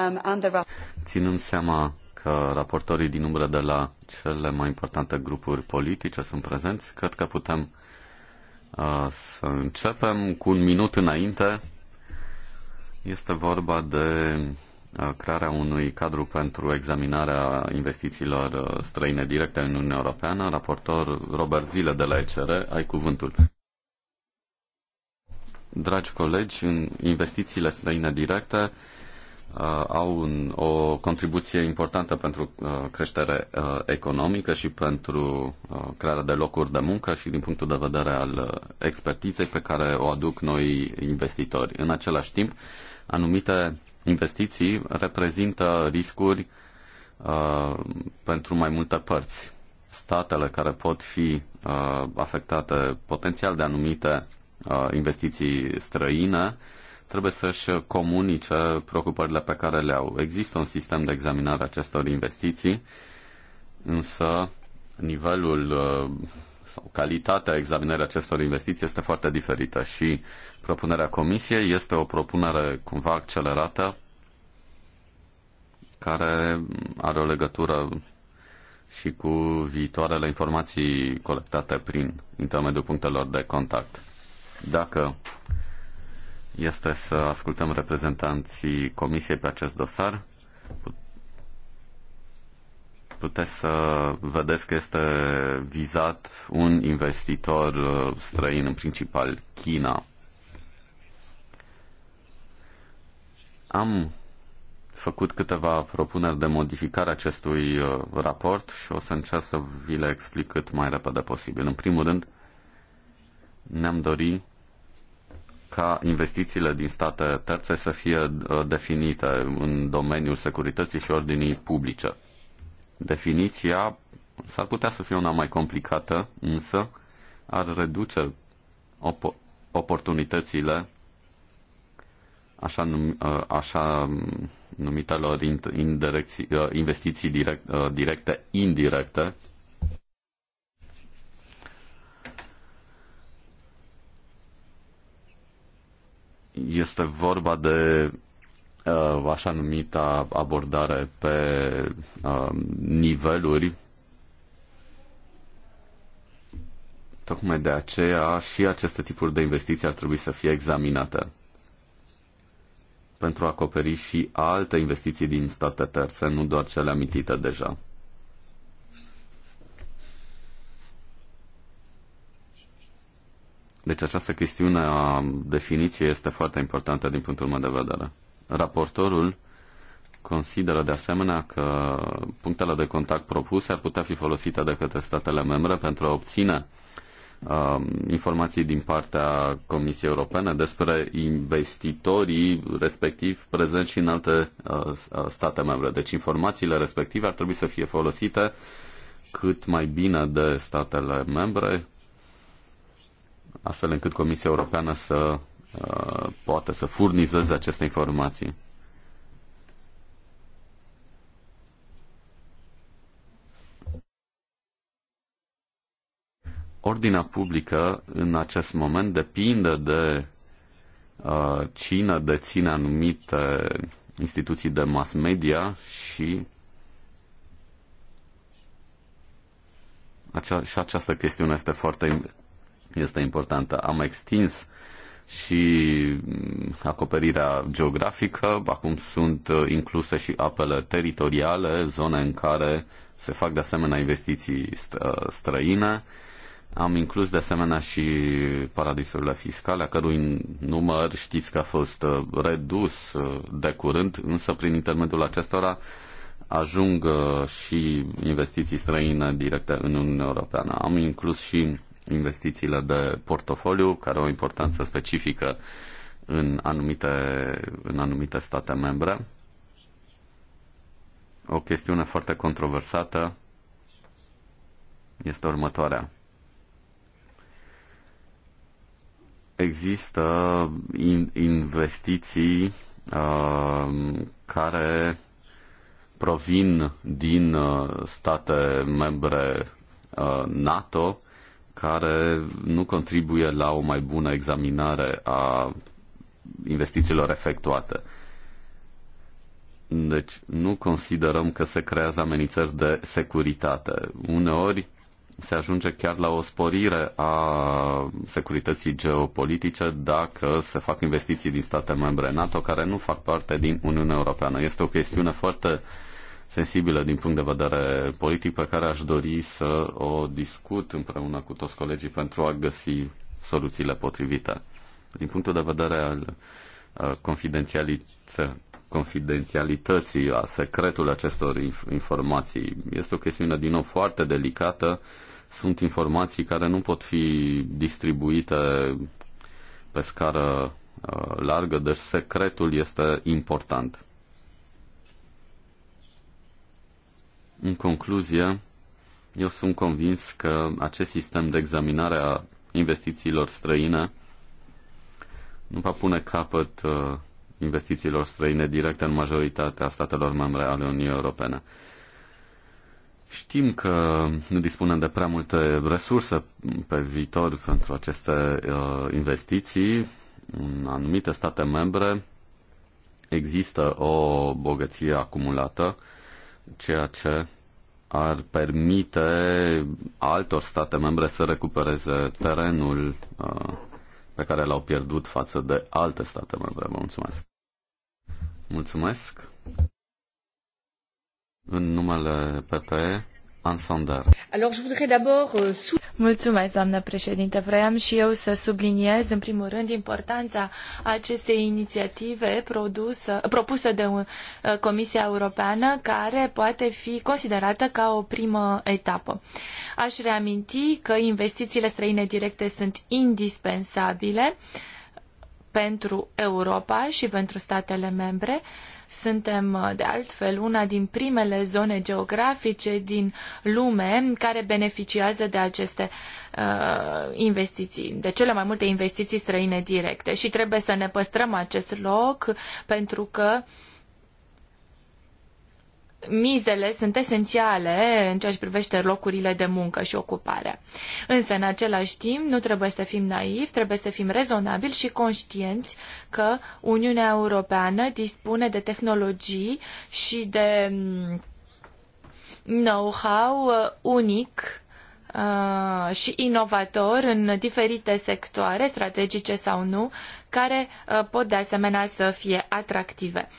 Um, Ținând seama că raportorii din umbră de la cele mai importante grupuri politice sunt prezenți, cred că putem uh, să începem cu un minut înainte. Este vorba de uh, crearea unui cadru pentru examinarea investițiilor uh, străine directe în Uniunea Europeană. Raportor Robert Zile de la ECR, ai cuvântul. Dragi colegi, investițiile străine directe Uh, au un, o contribuție importantă pentru uh, creștere uh, economică și pentru crearea de locuri de muncă și din punctul de vedere al expertizei pe care o aduc noi investitori. În același timp, anumite investiții reprezintă riscuri uh, pentru mai multe părți. Statele care pot fi uh, afectate potențial de anumite uh, investiții străine trebuie să-și comunice preocupările pe care le au. Există un sistem de examinare a acestor investiții, însă nivelul uh, sau calitatea examinării acestor investiții este foarte diferită și propunerea comisiei este o propunere cumva accelerată care are o legătură și cu viitoarele informații colectate prin intermediul punctelor de contact. Dacă este să ascultăm reprezentanții Comisiei pe acest dosar. Puteți să vedeți că este vizat un investitor uh, străin, în principal China. Am făcut câteva propuneri de modificare acestui uh, raport și o să încerc să vi le explic cât mai repede posibil. În primul rând, ne-am dorit ca investițiile din state terțe să fie uh, definite în domeniul securității și ordinii publice. Definiția s-ar putea să fie una mai complicată, însă ar reduce op- oportunitățile așa, num- uh, așa numitelor uh, investiții direct, directe, indirecte este vorba de uh, așa numita abordare pe uh, niveluri. Tocmai de aceea și aceste tipuri de investiții ar trebui să fie examinate pentru a acoperi și alte investiții din state terțe, nu doar cele amintite deja. Deci această chestiune a definiției este foarte importantă din punctul meu de vedere. Raportorul consideră de asemenea că punctele de contact propuse ar putea fi folosite de către statele membre pentru a obține uh, informații din partea Comisiei Europene despre investitorii respectiv prezenți și în alte uh, uh, state membre. Deci informațiile respective ar trebui să fie folosite cât mai bine de statele membre astfel încât Comisia Europeană să uh, poată să furnizeze aceste informații. Ordinea publică în acest moment depinde de uh, cine deține anumite instituții de mass media și acea, și această chestiune este foarte este importantă. Am extins și mm, acoperirea geografică, acum sunt uh, incluse și apele teritoriale, zone în care se fac de asemenea investiții uh, străine. Am inclus de asemenea și paradisurile fiscale, a cărui număr știți că a fost uh, redus de curând, însă prin intermediul acestora ajung și investiții străine directe în Uniunea Europeană. Am inclus și investițiile de portofoliu, care au o importanță specifică în anumite, în anumite state membre. O chestiune foarte controversată este următoarea. Există investiții uh, care provin din uh, state membre uh, NATO care nu contribuie la o mai bună examinare a investițiilor efectuate. Deci nu considerăm că se creează amenințări de securitate. Uneori se ajunge chiar la o sporire a securității geopolitice dacă se fac investiții din state membre NATO care nu fac parte din Uniunea Europeană. Este o chestiune foarte uh, sensibilă din punct de vedere politic pe care aș dori să o discut împreună cu toți colegii pentru a găsi soluțiile potrivite. Din punctul de vedere al confidențialității, a secretului acestor informații. Este o chestiune, din nou, foarte delicată. Sunt informații care nu pot fi distribuite pe scară largă, deci secretul este important. În concluzie, eu sunt convins că acest sistem de examinare a investițiilor străine nu va pune capăt uh, investițiilor străine directe în majoritatea statelor membre ale Uniunii Europene. Știm că nu dispunem de prea multe resurse pe viitor pentru aceste uh, investiții. În anumite state membre există o bogăție acumulată ceea ce ar permite altor state membre să recupereze terenul uh, pe care l-au pierdut față de alte state membre. Vă mulțumesc! Mulțumesc! În numele PPE, Ansander. Alors, je voudrais d'abord... Euh, Mulțumesc, doamnă președinte. Vroiam și eu să subliniez, în primul rând, importanța acestei inițiative produsă, propusă de uh, Comisia Europeană, care poate fi considerată ca o primă etapă. Aș reaminti că investițiile străine directe sunt indispensabile pentru Europa și pentru statele membre, suntem, uh, de altfel, una din primele zone geografice din lume care beneficiază de aceste uh, investiții, de cele mai multe investiții străine directe și trebuie să ne păstrăm acest loc pentru că uh, mizele sunt esențiale în ceea ce privește locurile de muncă și ocupare. Însă, în același timp, nu trebuie să fim naivi, trebuie să fim rezonabili și conștienți că Uniunea Europeană dispune de tehnologii și de mm, know-how uh, unic uh, și inovator în diferite sectoare, strategice sau nu, care uh, pot de asemenea să fie atractive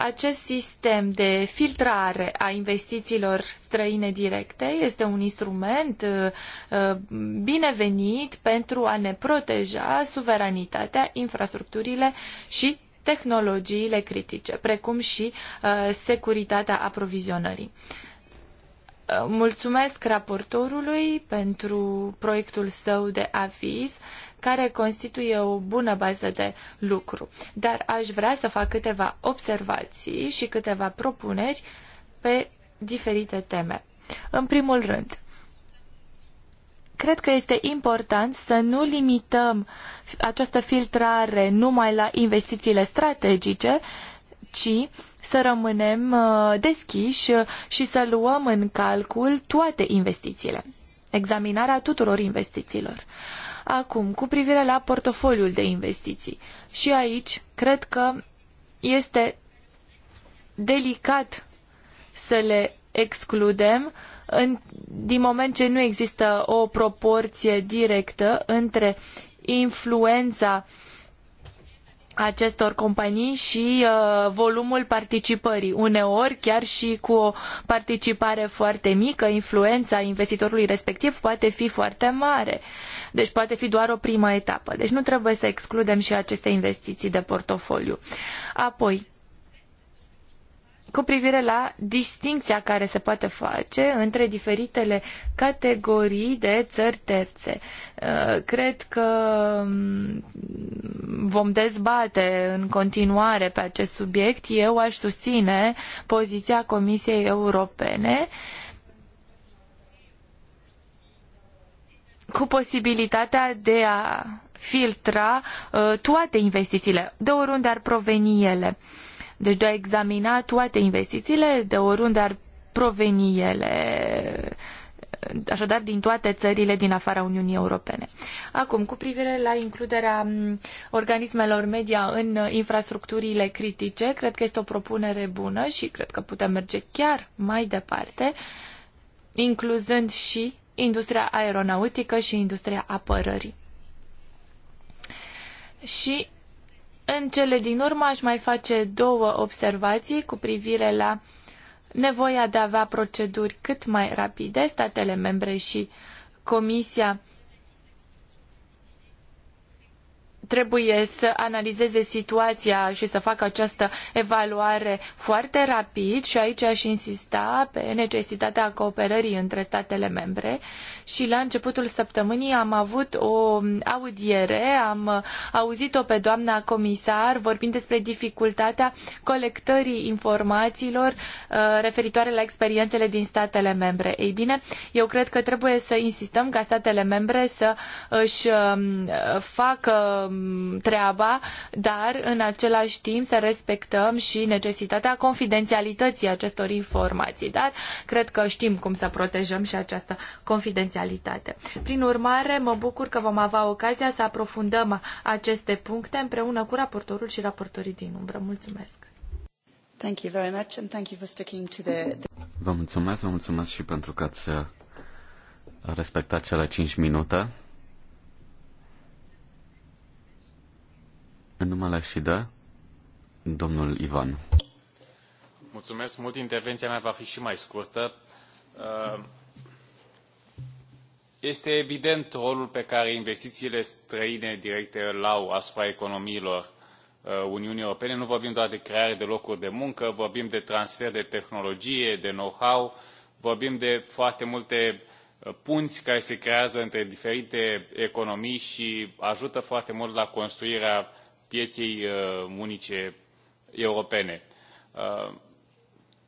acest sistem de filtrare a investițiilor străine directe este un instrument uh, uh, binevenit pentru a ne proteja suveranitatea, infrastructurile și tehnologiile critice, precum și uh, securitatea aprovizionării. Mulțumesc raportorului pentru proiectul său de aviz care constituie o bună bază de lucru. Dar aș vrea să fac câteva observații și câteva propuneri pe diferite teme. În primul rând, cred că este important să nu limităm această filtrare numai la investițiile strategice, ci să rămânem uh, deschiși și să luăm în calcul toate investițiile, examinarea tuturor investițiilor. Acum, cu privire la portofoliul de investiții. Și aici, cred că este delicat să le excludem în, din moment ce nu există o proporție directă între influența acestor companii și uh, volumul participării. Uneori, chiar și cu o participare foarte mică, influența investitorului respectiv poate fi foarte mare. Uh, deci poate fi doar o primă etapă. Deci nu trebuie să excludem și aceste investiții de portofoliu. Apoi, cu privire la distinția care se poate face între diferitele categorii de țări terțe. Uh, cred că mm, vom dezbate în continuare pe acest subiect. Eu aș susține poziția Comisiei Europene uh, cu posibilitatea de a filtra uh, toate investițiile, de oriunde ar proveni ele. Deci de a examina toate investițiile, de oriunde ar proveni ele, uh, așadar din toate țările din afara Uniunii Europene. Acum, cu privire la includerea um, organismelor media în infrastructurile critice, cred că este o propunere bună și cred că putem merge chiar mai departe, incluzând și industria aeronautică și industria apărării. Și în cele din urmă aș mai face două observații cu privire la nevoia de a avea proceduri cât mai rapide. Statele membre și Comisia trebuie să analizeze situația și să facă această evaluare foarte rapid și aici aș insista pe necesitatea cooperării între statele membre și la începutul săptămânii am avut o audiere, am auzit-o pe doamna comisar vorbind despre dificultatea colectării informațiilor uh, referitoare la experiențele din statele membre. Ei bine, eu cred că trebuie să insistăm ca statele membre să își um, facă um, treaba, dar în același timp să respectăm și necesitatea confidențialității acestor informații. Dar cred că știm cum să protejăm și această confidențialitate specialitate. Prin urmare, mă bucur că vom avea ocazia să aprofundăm aceste puncte împreună cu raportorul și raportorii din umbră. Mulțumesc! Thank you very much and thank you for sticking to the... Vă mulțumesc, vă mulțumesc și pentru că ați uh, respectat cele 5 minute. În numele și de domnul Ivan. Mulțumesc mult. Intervenția mea va fi și mai scurtă. Uh este evident rolul pe care investițiile străine directe îl au asupra economiilor uh, Uniunii Europene. Nu vorbim doar de creare de locuri de muncă, vorbim de transfer de tehnologie, de know-how, vorbim de foarte multe uh, punți care se creează între diferite economii și ajută foarte mult la construirea pieței uh, unice europene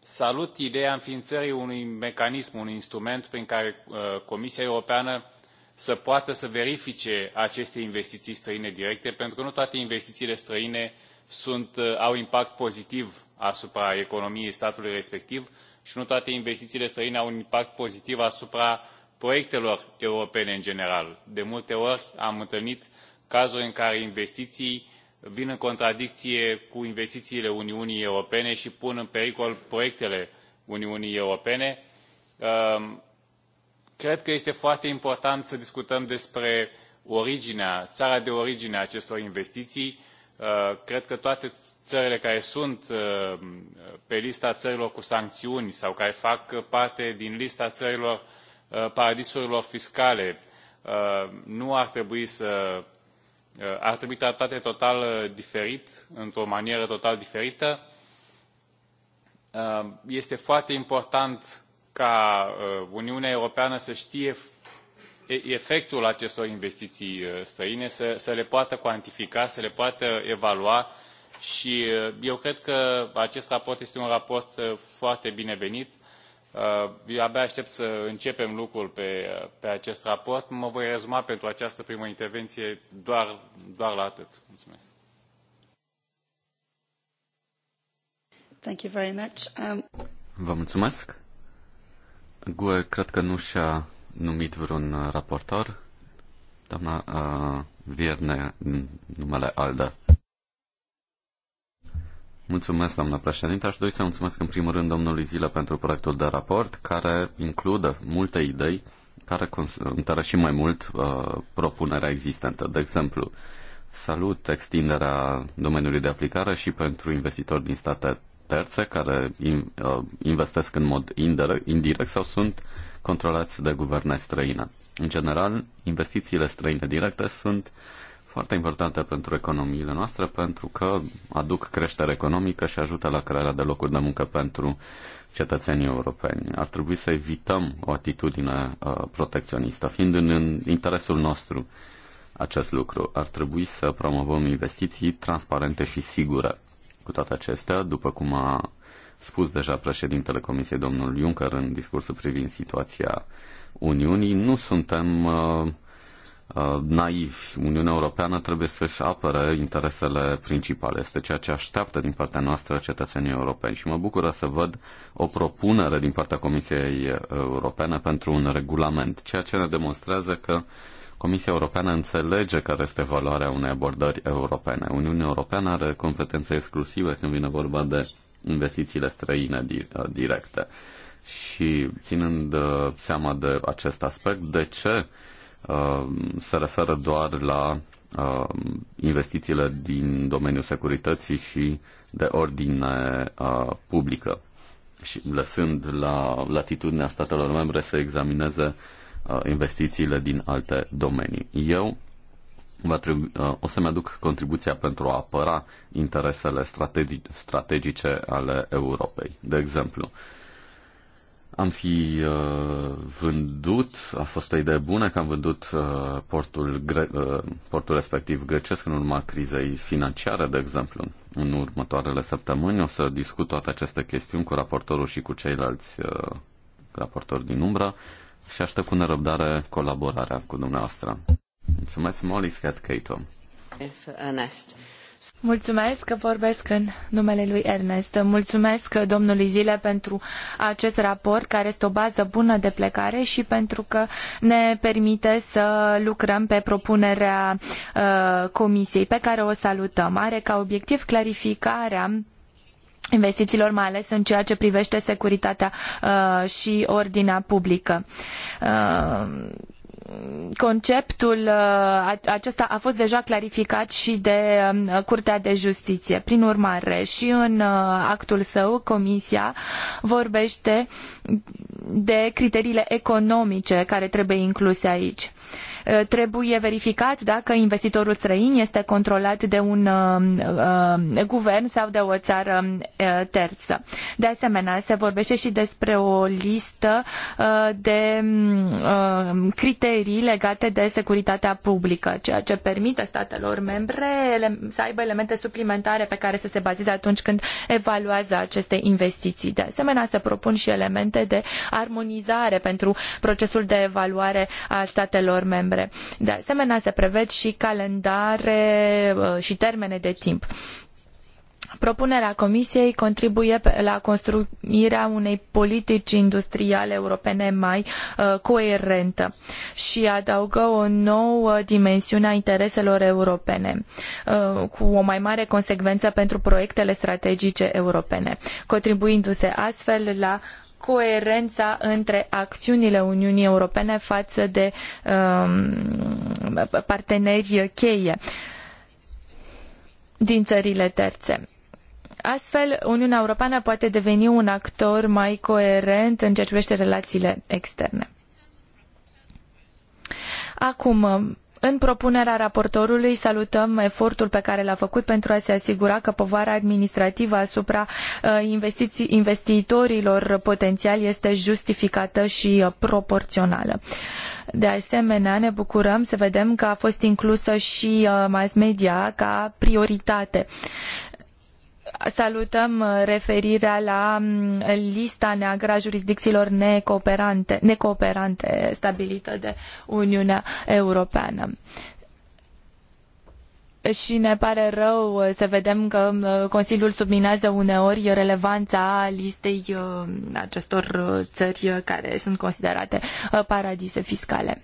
salut ideea înființării unui mecanism, un instrument prin care uh, Comisia Europeană să poată să verifice aceste investiții străine directe, pentru că nu toate investițiile străine uh, au impact pozitiv asupra economiei statului respectiv și nu toate investițiile străine au un impact pozitiv asupra proiectelor europene în general. De multe ori am întâlnit cazuri în care investiții vin în contradicție cu investițiile uniunii europene și pun în pericol proiectele uniunii europene. Um, cred că este foarte important să discutăm despre originea țara de origine a acestor investiții uh, cred că toate țările care sunt uh, pe lista țărilor cu sancțiuni sau care fac parte din lista țărilor uh, paradisurilor fiscale nu ar trebui să Uh, ar trebui tratate total uh, diferit, într-o manieră total diferită. Uh, este foarte important ca Uniunea Europeană să știe efectul acestor investiții străine, să, să le poată cuantifica, să le poată evalua și eu cred că acest raport este un raport foarte binevenit Uh, eu abia aștept să începem lucrul pe, uh, pe acest raport. Mă voi rezuma pentru această primă intervenție doar, doar la atât. Mulțumesc. Thank you very much. Um... Vă mulțumesc. GUE cred că nu și-a numit vreun uh, raportor. Doamna uh, Vierne, numele Alda. Mulțumesc, doamnă președinte. Aș dori să mulțumesc în primul rând domnului Zile pentru proiectul de raport, care include multe idei care întără și mai mult uh, propunerea existentă. De exemplu, salut extinderea domeniului de aplicare și pentru investitori din state terțe care in, uh, investesc în mod indirect, indirect sau sunt controlați de guverne străine. În general, investițiile străine directe sunt uh, foarte importante pentru economiile noastre, pentru că aduc creștere economică și ajută la crearea de locuri de muncă pentru cetățenii europeni. Ar trebui să evităm o atitudine uh, protecționistă, fiind în, în interesul nostru acest lucru. Ar trebui să promovăm investiții transparente și sigure. Cu toate acestea, după cum a spus deja președintele Comisiei, domnul Juncker, în discursul privind situația Uniunii, nu suntem uh, Uh, naivi. Uniunea Europeană trebuie să-și apere interesele principale. Este ceea ce așteaptă din partea noastră cetățenii europeni și mă bucură să văd o propunere din partea Comisiei Europene pentru un regulament, ceea ce ne demonstrează că Comisia Europeană înțelege care este valoarea unei abordări europene. Uniunea Europeană are competențe exclusive când vine vorba de investițiile străine uh, directe. Și ținând uh, seama de acest aspect, de ce Uh, se referă doar la uh, investițiile din domeniul securității și de ordine uh, publică și lăsând la latitudinea statelor membre să examineze investițiile din alte domenii. Eu va trebui, o să-mi aduc contribuția pentru a apăra interesele strategice ale Europei. De exemplu, am fi uh, vândut, a fost o idee bună că am vândut uh, portul, gre- uh, portul respectiv grecesc în urma crizei financiare, de exemplu. În următoarele săptămâni o să discut toate aceste chestiuni cu raportorul și cu ceilalți uh, raportori din umbra și aștept cu nerăbdare colaborarea cu dumneavoastră. Mulțumesc, Molly Scott Cato. Ernest. Mulțumesc că vorbesc în numele lui Ernest. Mulțumesc domnului Zile pentru acest raport care este o bază bună de plecare și pentru că ne permite să lucrăm pe propunerea uh, comisiei pe care o salutăm. Are ca obiectiv clarificarea investițiilor, mai ales în ceea ce privește securitatea uh, și ordinea publică. Uh, conceptul uh, acesta a fost deja clarificat și de um, Curtea de Justiție. Prin urmare, și în uh, actul său, Comisia vorbește de criteriile economice care trebuie incluse aici. Uh, trebuie verificat dacă investitorul străin este controlat de un um, guvern sau de o țară terță. De asemenea, se vorbește și despre o listă de um, criterii criterii legate de securitatea publică, ceea ce permite statelor membre să aibă elemente suplimentare pe care să se bazeze atunci când evaluează aceste investiții. De asemenea, se propun și elemente de armonizare pentru procesul de evaluare a statelor membre. De asemenea, se prevăd și calendare uh, și termene de timp. Propunerea Comisiei contribuie la construirea unei politici industriale europene mai uh, coerente și adaugă o nouă dimensiune a intereselor europene, uh, cu o mai mare consecvenă pentru proiectele strategice europene, contribuindu-se astfel la coerența între acțiunile Uniunii Europene față de um, parteneri cheie din țările terțe. Astfel, Uniunea Europeană poate deveni un actor mai coerent în ceea ce privește relațiile externe. Acum, în propunerea raportorului salutăm efortul pe care l-a făcut pentru a se asigura că povara administrativă asupra uh, investitorilor potențiali este justificată și uh, proporțională. De asemenea, ne bucurăm să vedem că a fost inclusă și uh, mass media ca prioritate salutăm uh, referirea la mm, lista neagră a jurisdicțiilor necooperante, necooperante stabilită de Uniunea Europeană. Și ne pare rău uh, să vedem că uh, Consiliul subminează uneori relevanța listei acestor țări care sunt considerate paradise fiscale.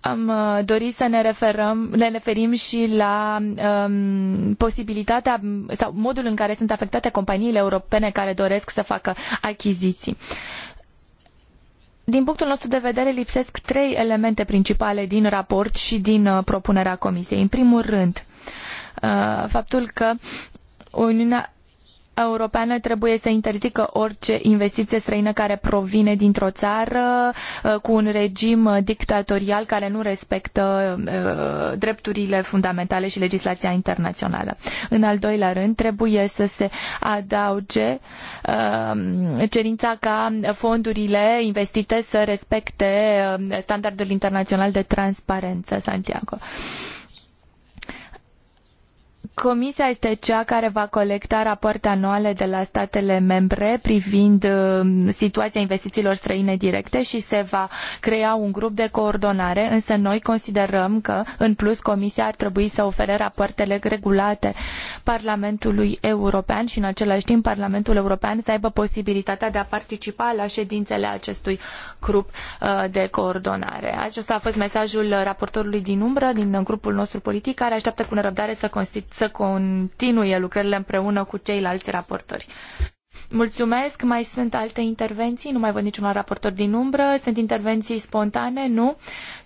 am uh, dorit să ne, referăm, ne referim și la um, posibilitatea sau modul în care sunt afectate companiile europene care doresc să facă achiziții. Din punctul nostru de vedere, lipsesc trei elemente principale din raport și din uh, propunerea Comisiei. În primul rând, uh, faptul că Uniunea Europeană trebuie să interzică orice investiție străină care provine dintr-o țară uh, cu un regim uh, dictatorial care nu respectă uh, drepturile fundamentale și legislația internațională. În al doilea rând, trebuie să se adauge cerința ca fondurile investite să respecte standardul internațional de transparență, Santiago. Comisia este cea care va colecta rapoarte anuale de la statele membre privind uh, situația investițiilor străine directe și se va crea un grup de coordonare, însă noi considerăm că, în plus, Comisia ar trebui să ofere rapoartele regulate Parlamentului European și, în același timp, Parlamentul European să aibă posibilitatea de a participa la ședințele acestui grup uh, de coordonare. Acesta a fost mesajul raportorului din umbră, din uh, grupul nostru politic, care așteaptă cu nerăbdare să, să să continue lucrările împreună cu ceilalți raportori. Mulțumesc. Mai sunt alte intervenții? Nu mai văd niciun alt raportor din umbră. Sunt intervenții spontane? Nu?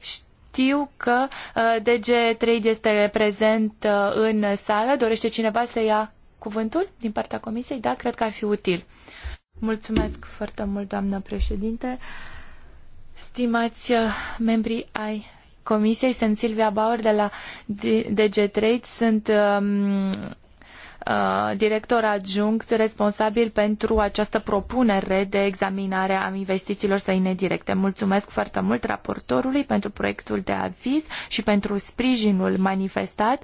Știu că uh, DG Trade este prezent uh, în sală. Dorește cineva să ia cuvântul din partea comisiei? Da, cred că ar fi util. Mulțumesc foarte mult, doamnă președinte. Stimați uh, membrii ai Comisiei. Sunt Silvia Bauer de la DG Trade. Sunt um, uh, director adjunct responsabil pentru această propunere de examinare a investițiilor străine directe. Mulțumesc foarte mult raportorului pentru proiectul de aviz și pentru sprijinul manifestat.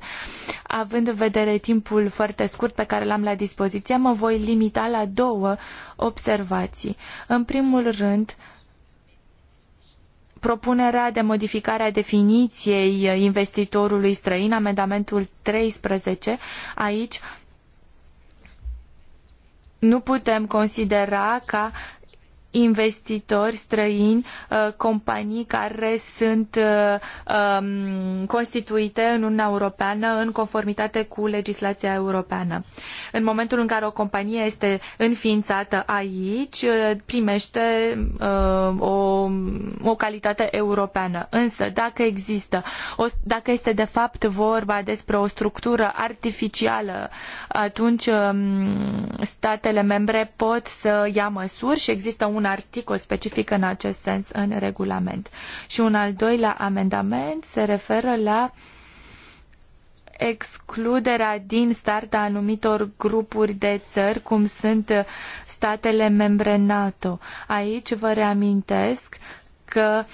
Având în vedere timpul foarte scurt pe care l-am la dispoziție, mă voi limita la două observații. În primul rând, propunerea de modificare a definiției investitorului străin, amendamentul 13, aici nu putem considera ca investitori străini, uh, companii care sunt uh, um, constituite în Uniunea Europeană în conformitate cu legislația europeană. În momentul în care o companie este înființată aici, uh, primește o, o calitate europeană. Însă, dacă există, dacă este de fapt vorba despre o structură artificială, atunci um, statele membre pot să ia măsuri și există un un articol specific în acest sens în regulament. Și un al doilea amendament se referă la excluderea din start a anumitor grupuri de țări, cum sunt statele membre NATO. Aici vă reamintesc că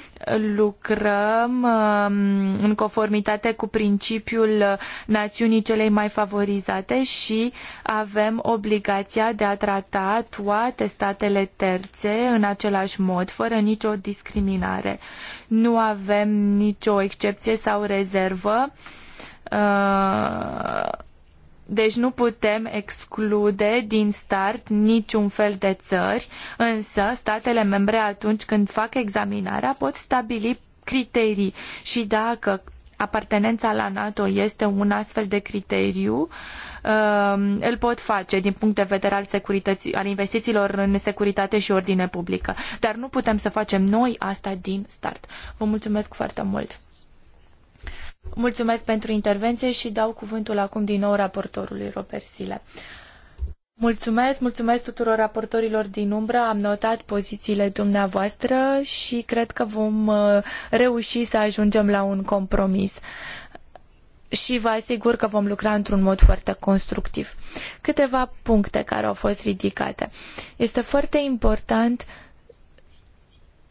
lucrăm um, în conformitate cu principiul națiunii celei mai favorizate și avem obligația de a trata toate statele terțe în același mod, fără nicio discriminare. Nu avem nicio excepție sau rezervă uh, deci nu putem exclude din start niciun fel de țări, însă statele membre atunci când fac examinarea pot stabili criterii și dacă apartenența la NATO este un astfel de criteriu, um, îl pot face din punct de vedere al, securității, al investițiilor în securitate și ordine publică. Dar nu putem să facem noi asta din start. Vă mulțumesc foarte mult! Mulțumesc pentru intervenție și dau cuvântul acum din nou raportorului Robert Sile. Mulțumesc, mulțumesc tuturor raportorilor din umbră, am notat pozițiile dumneavoastră și cred că vom uh, reuși să ajungem la un compromis și vă asigur că vom lucra într-un mod foarte constructiv. Câteva puncte care au fost ridicate. Este foarte important uh,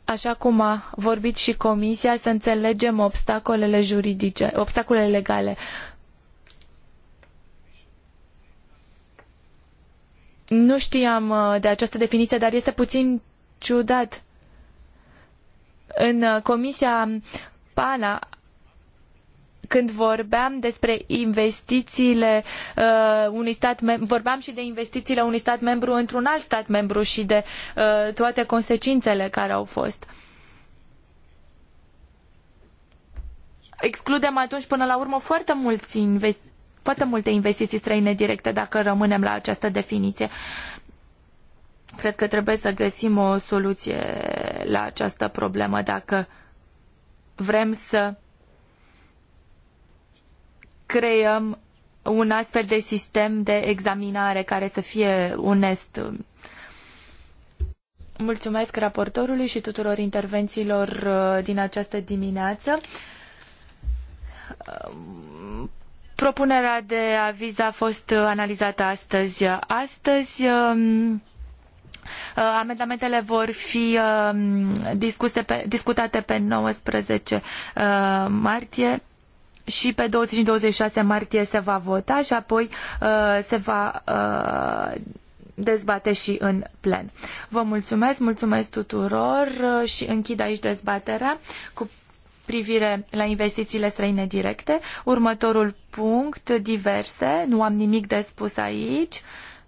așa cum a vorbit și Comisia, să înțelegem obstacolele juridice, obstacolele legale. Nu știam uh, de această definiție, dar este puțin ciudat. În uh, Comisia PANA când vorbeam despre investițiile uh, unui stat membru, vorbeam și de investițiile unui stat membru într-un alt stat membru și de uh, toate consecințele care au fost. Excludem atunci până la urmă foarte mulți investi- foarte multe investiții străine directe dacă rămânem la această definiție. Cred că trebuie să găsim o soluție la această problemă dacă vrem să creăm un astfel de sistem de examinare care să fie onest. Mulțumesc raportorului și tuturor intervențiilor uh, din această dimineață. Uh, propunerea de aviz a fost analizată astăzi. Astăzi um, uh, Amendamentele vor fi um, discute pe, discutate pe 19 martie și pe 25-26 martie se va vota și apoi uh, se va uh, dezbate și în plen. Vă mulțumesc, mulțumesc tuturor uh, și închid aici dezbaterea cu privire la investițiile străine directe. Următorul punct, diverse, nu am nimic de spus aici.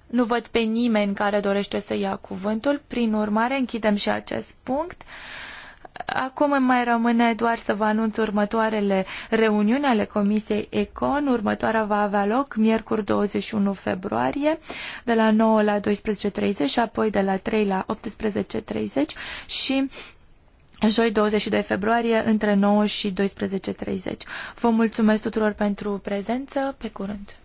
Nu văd pe nimeni care dorește să ia cuvântul, prin urmare închidem și acest punct. Acum mai rămâne doar să vă anunț următoarele reuniuni ale Comisiei Econ. Următoarea va avea loc miercuri 21 februarie de la 9 la 12.30 și apoi de la 3 la 18.30 și joi 22 februarie între 9 și 12.30. Vă mulțumesc tuturor pentru prezență. Pe curând!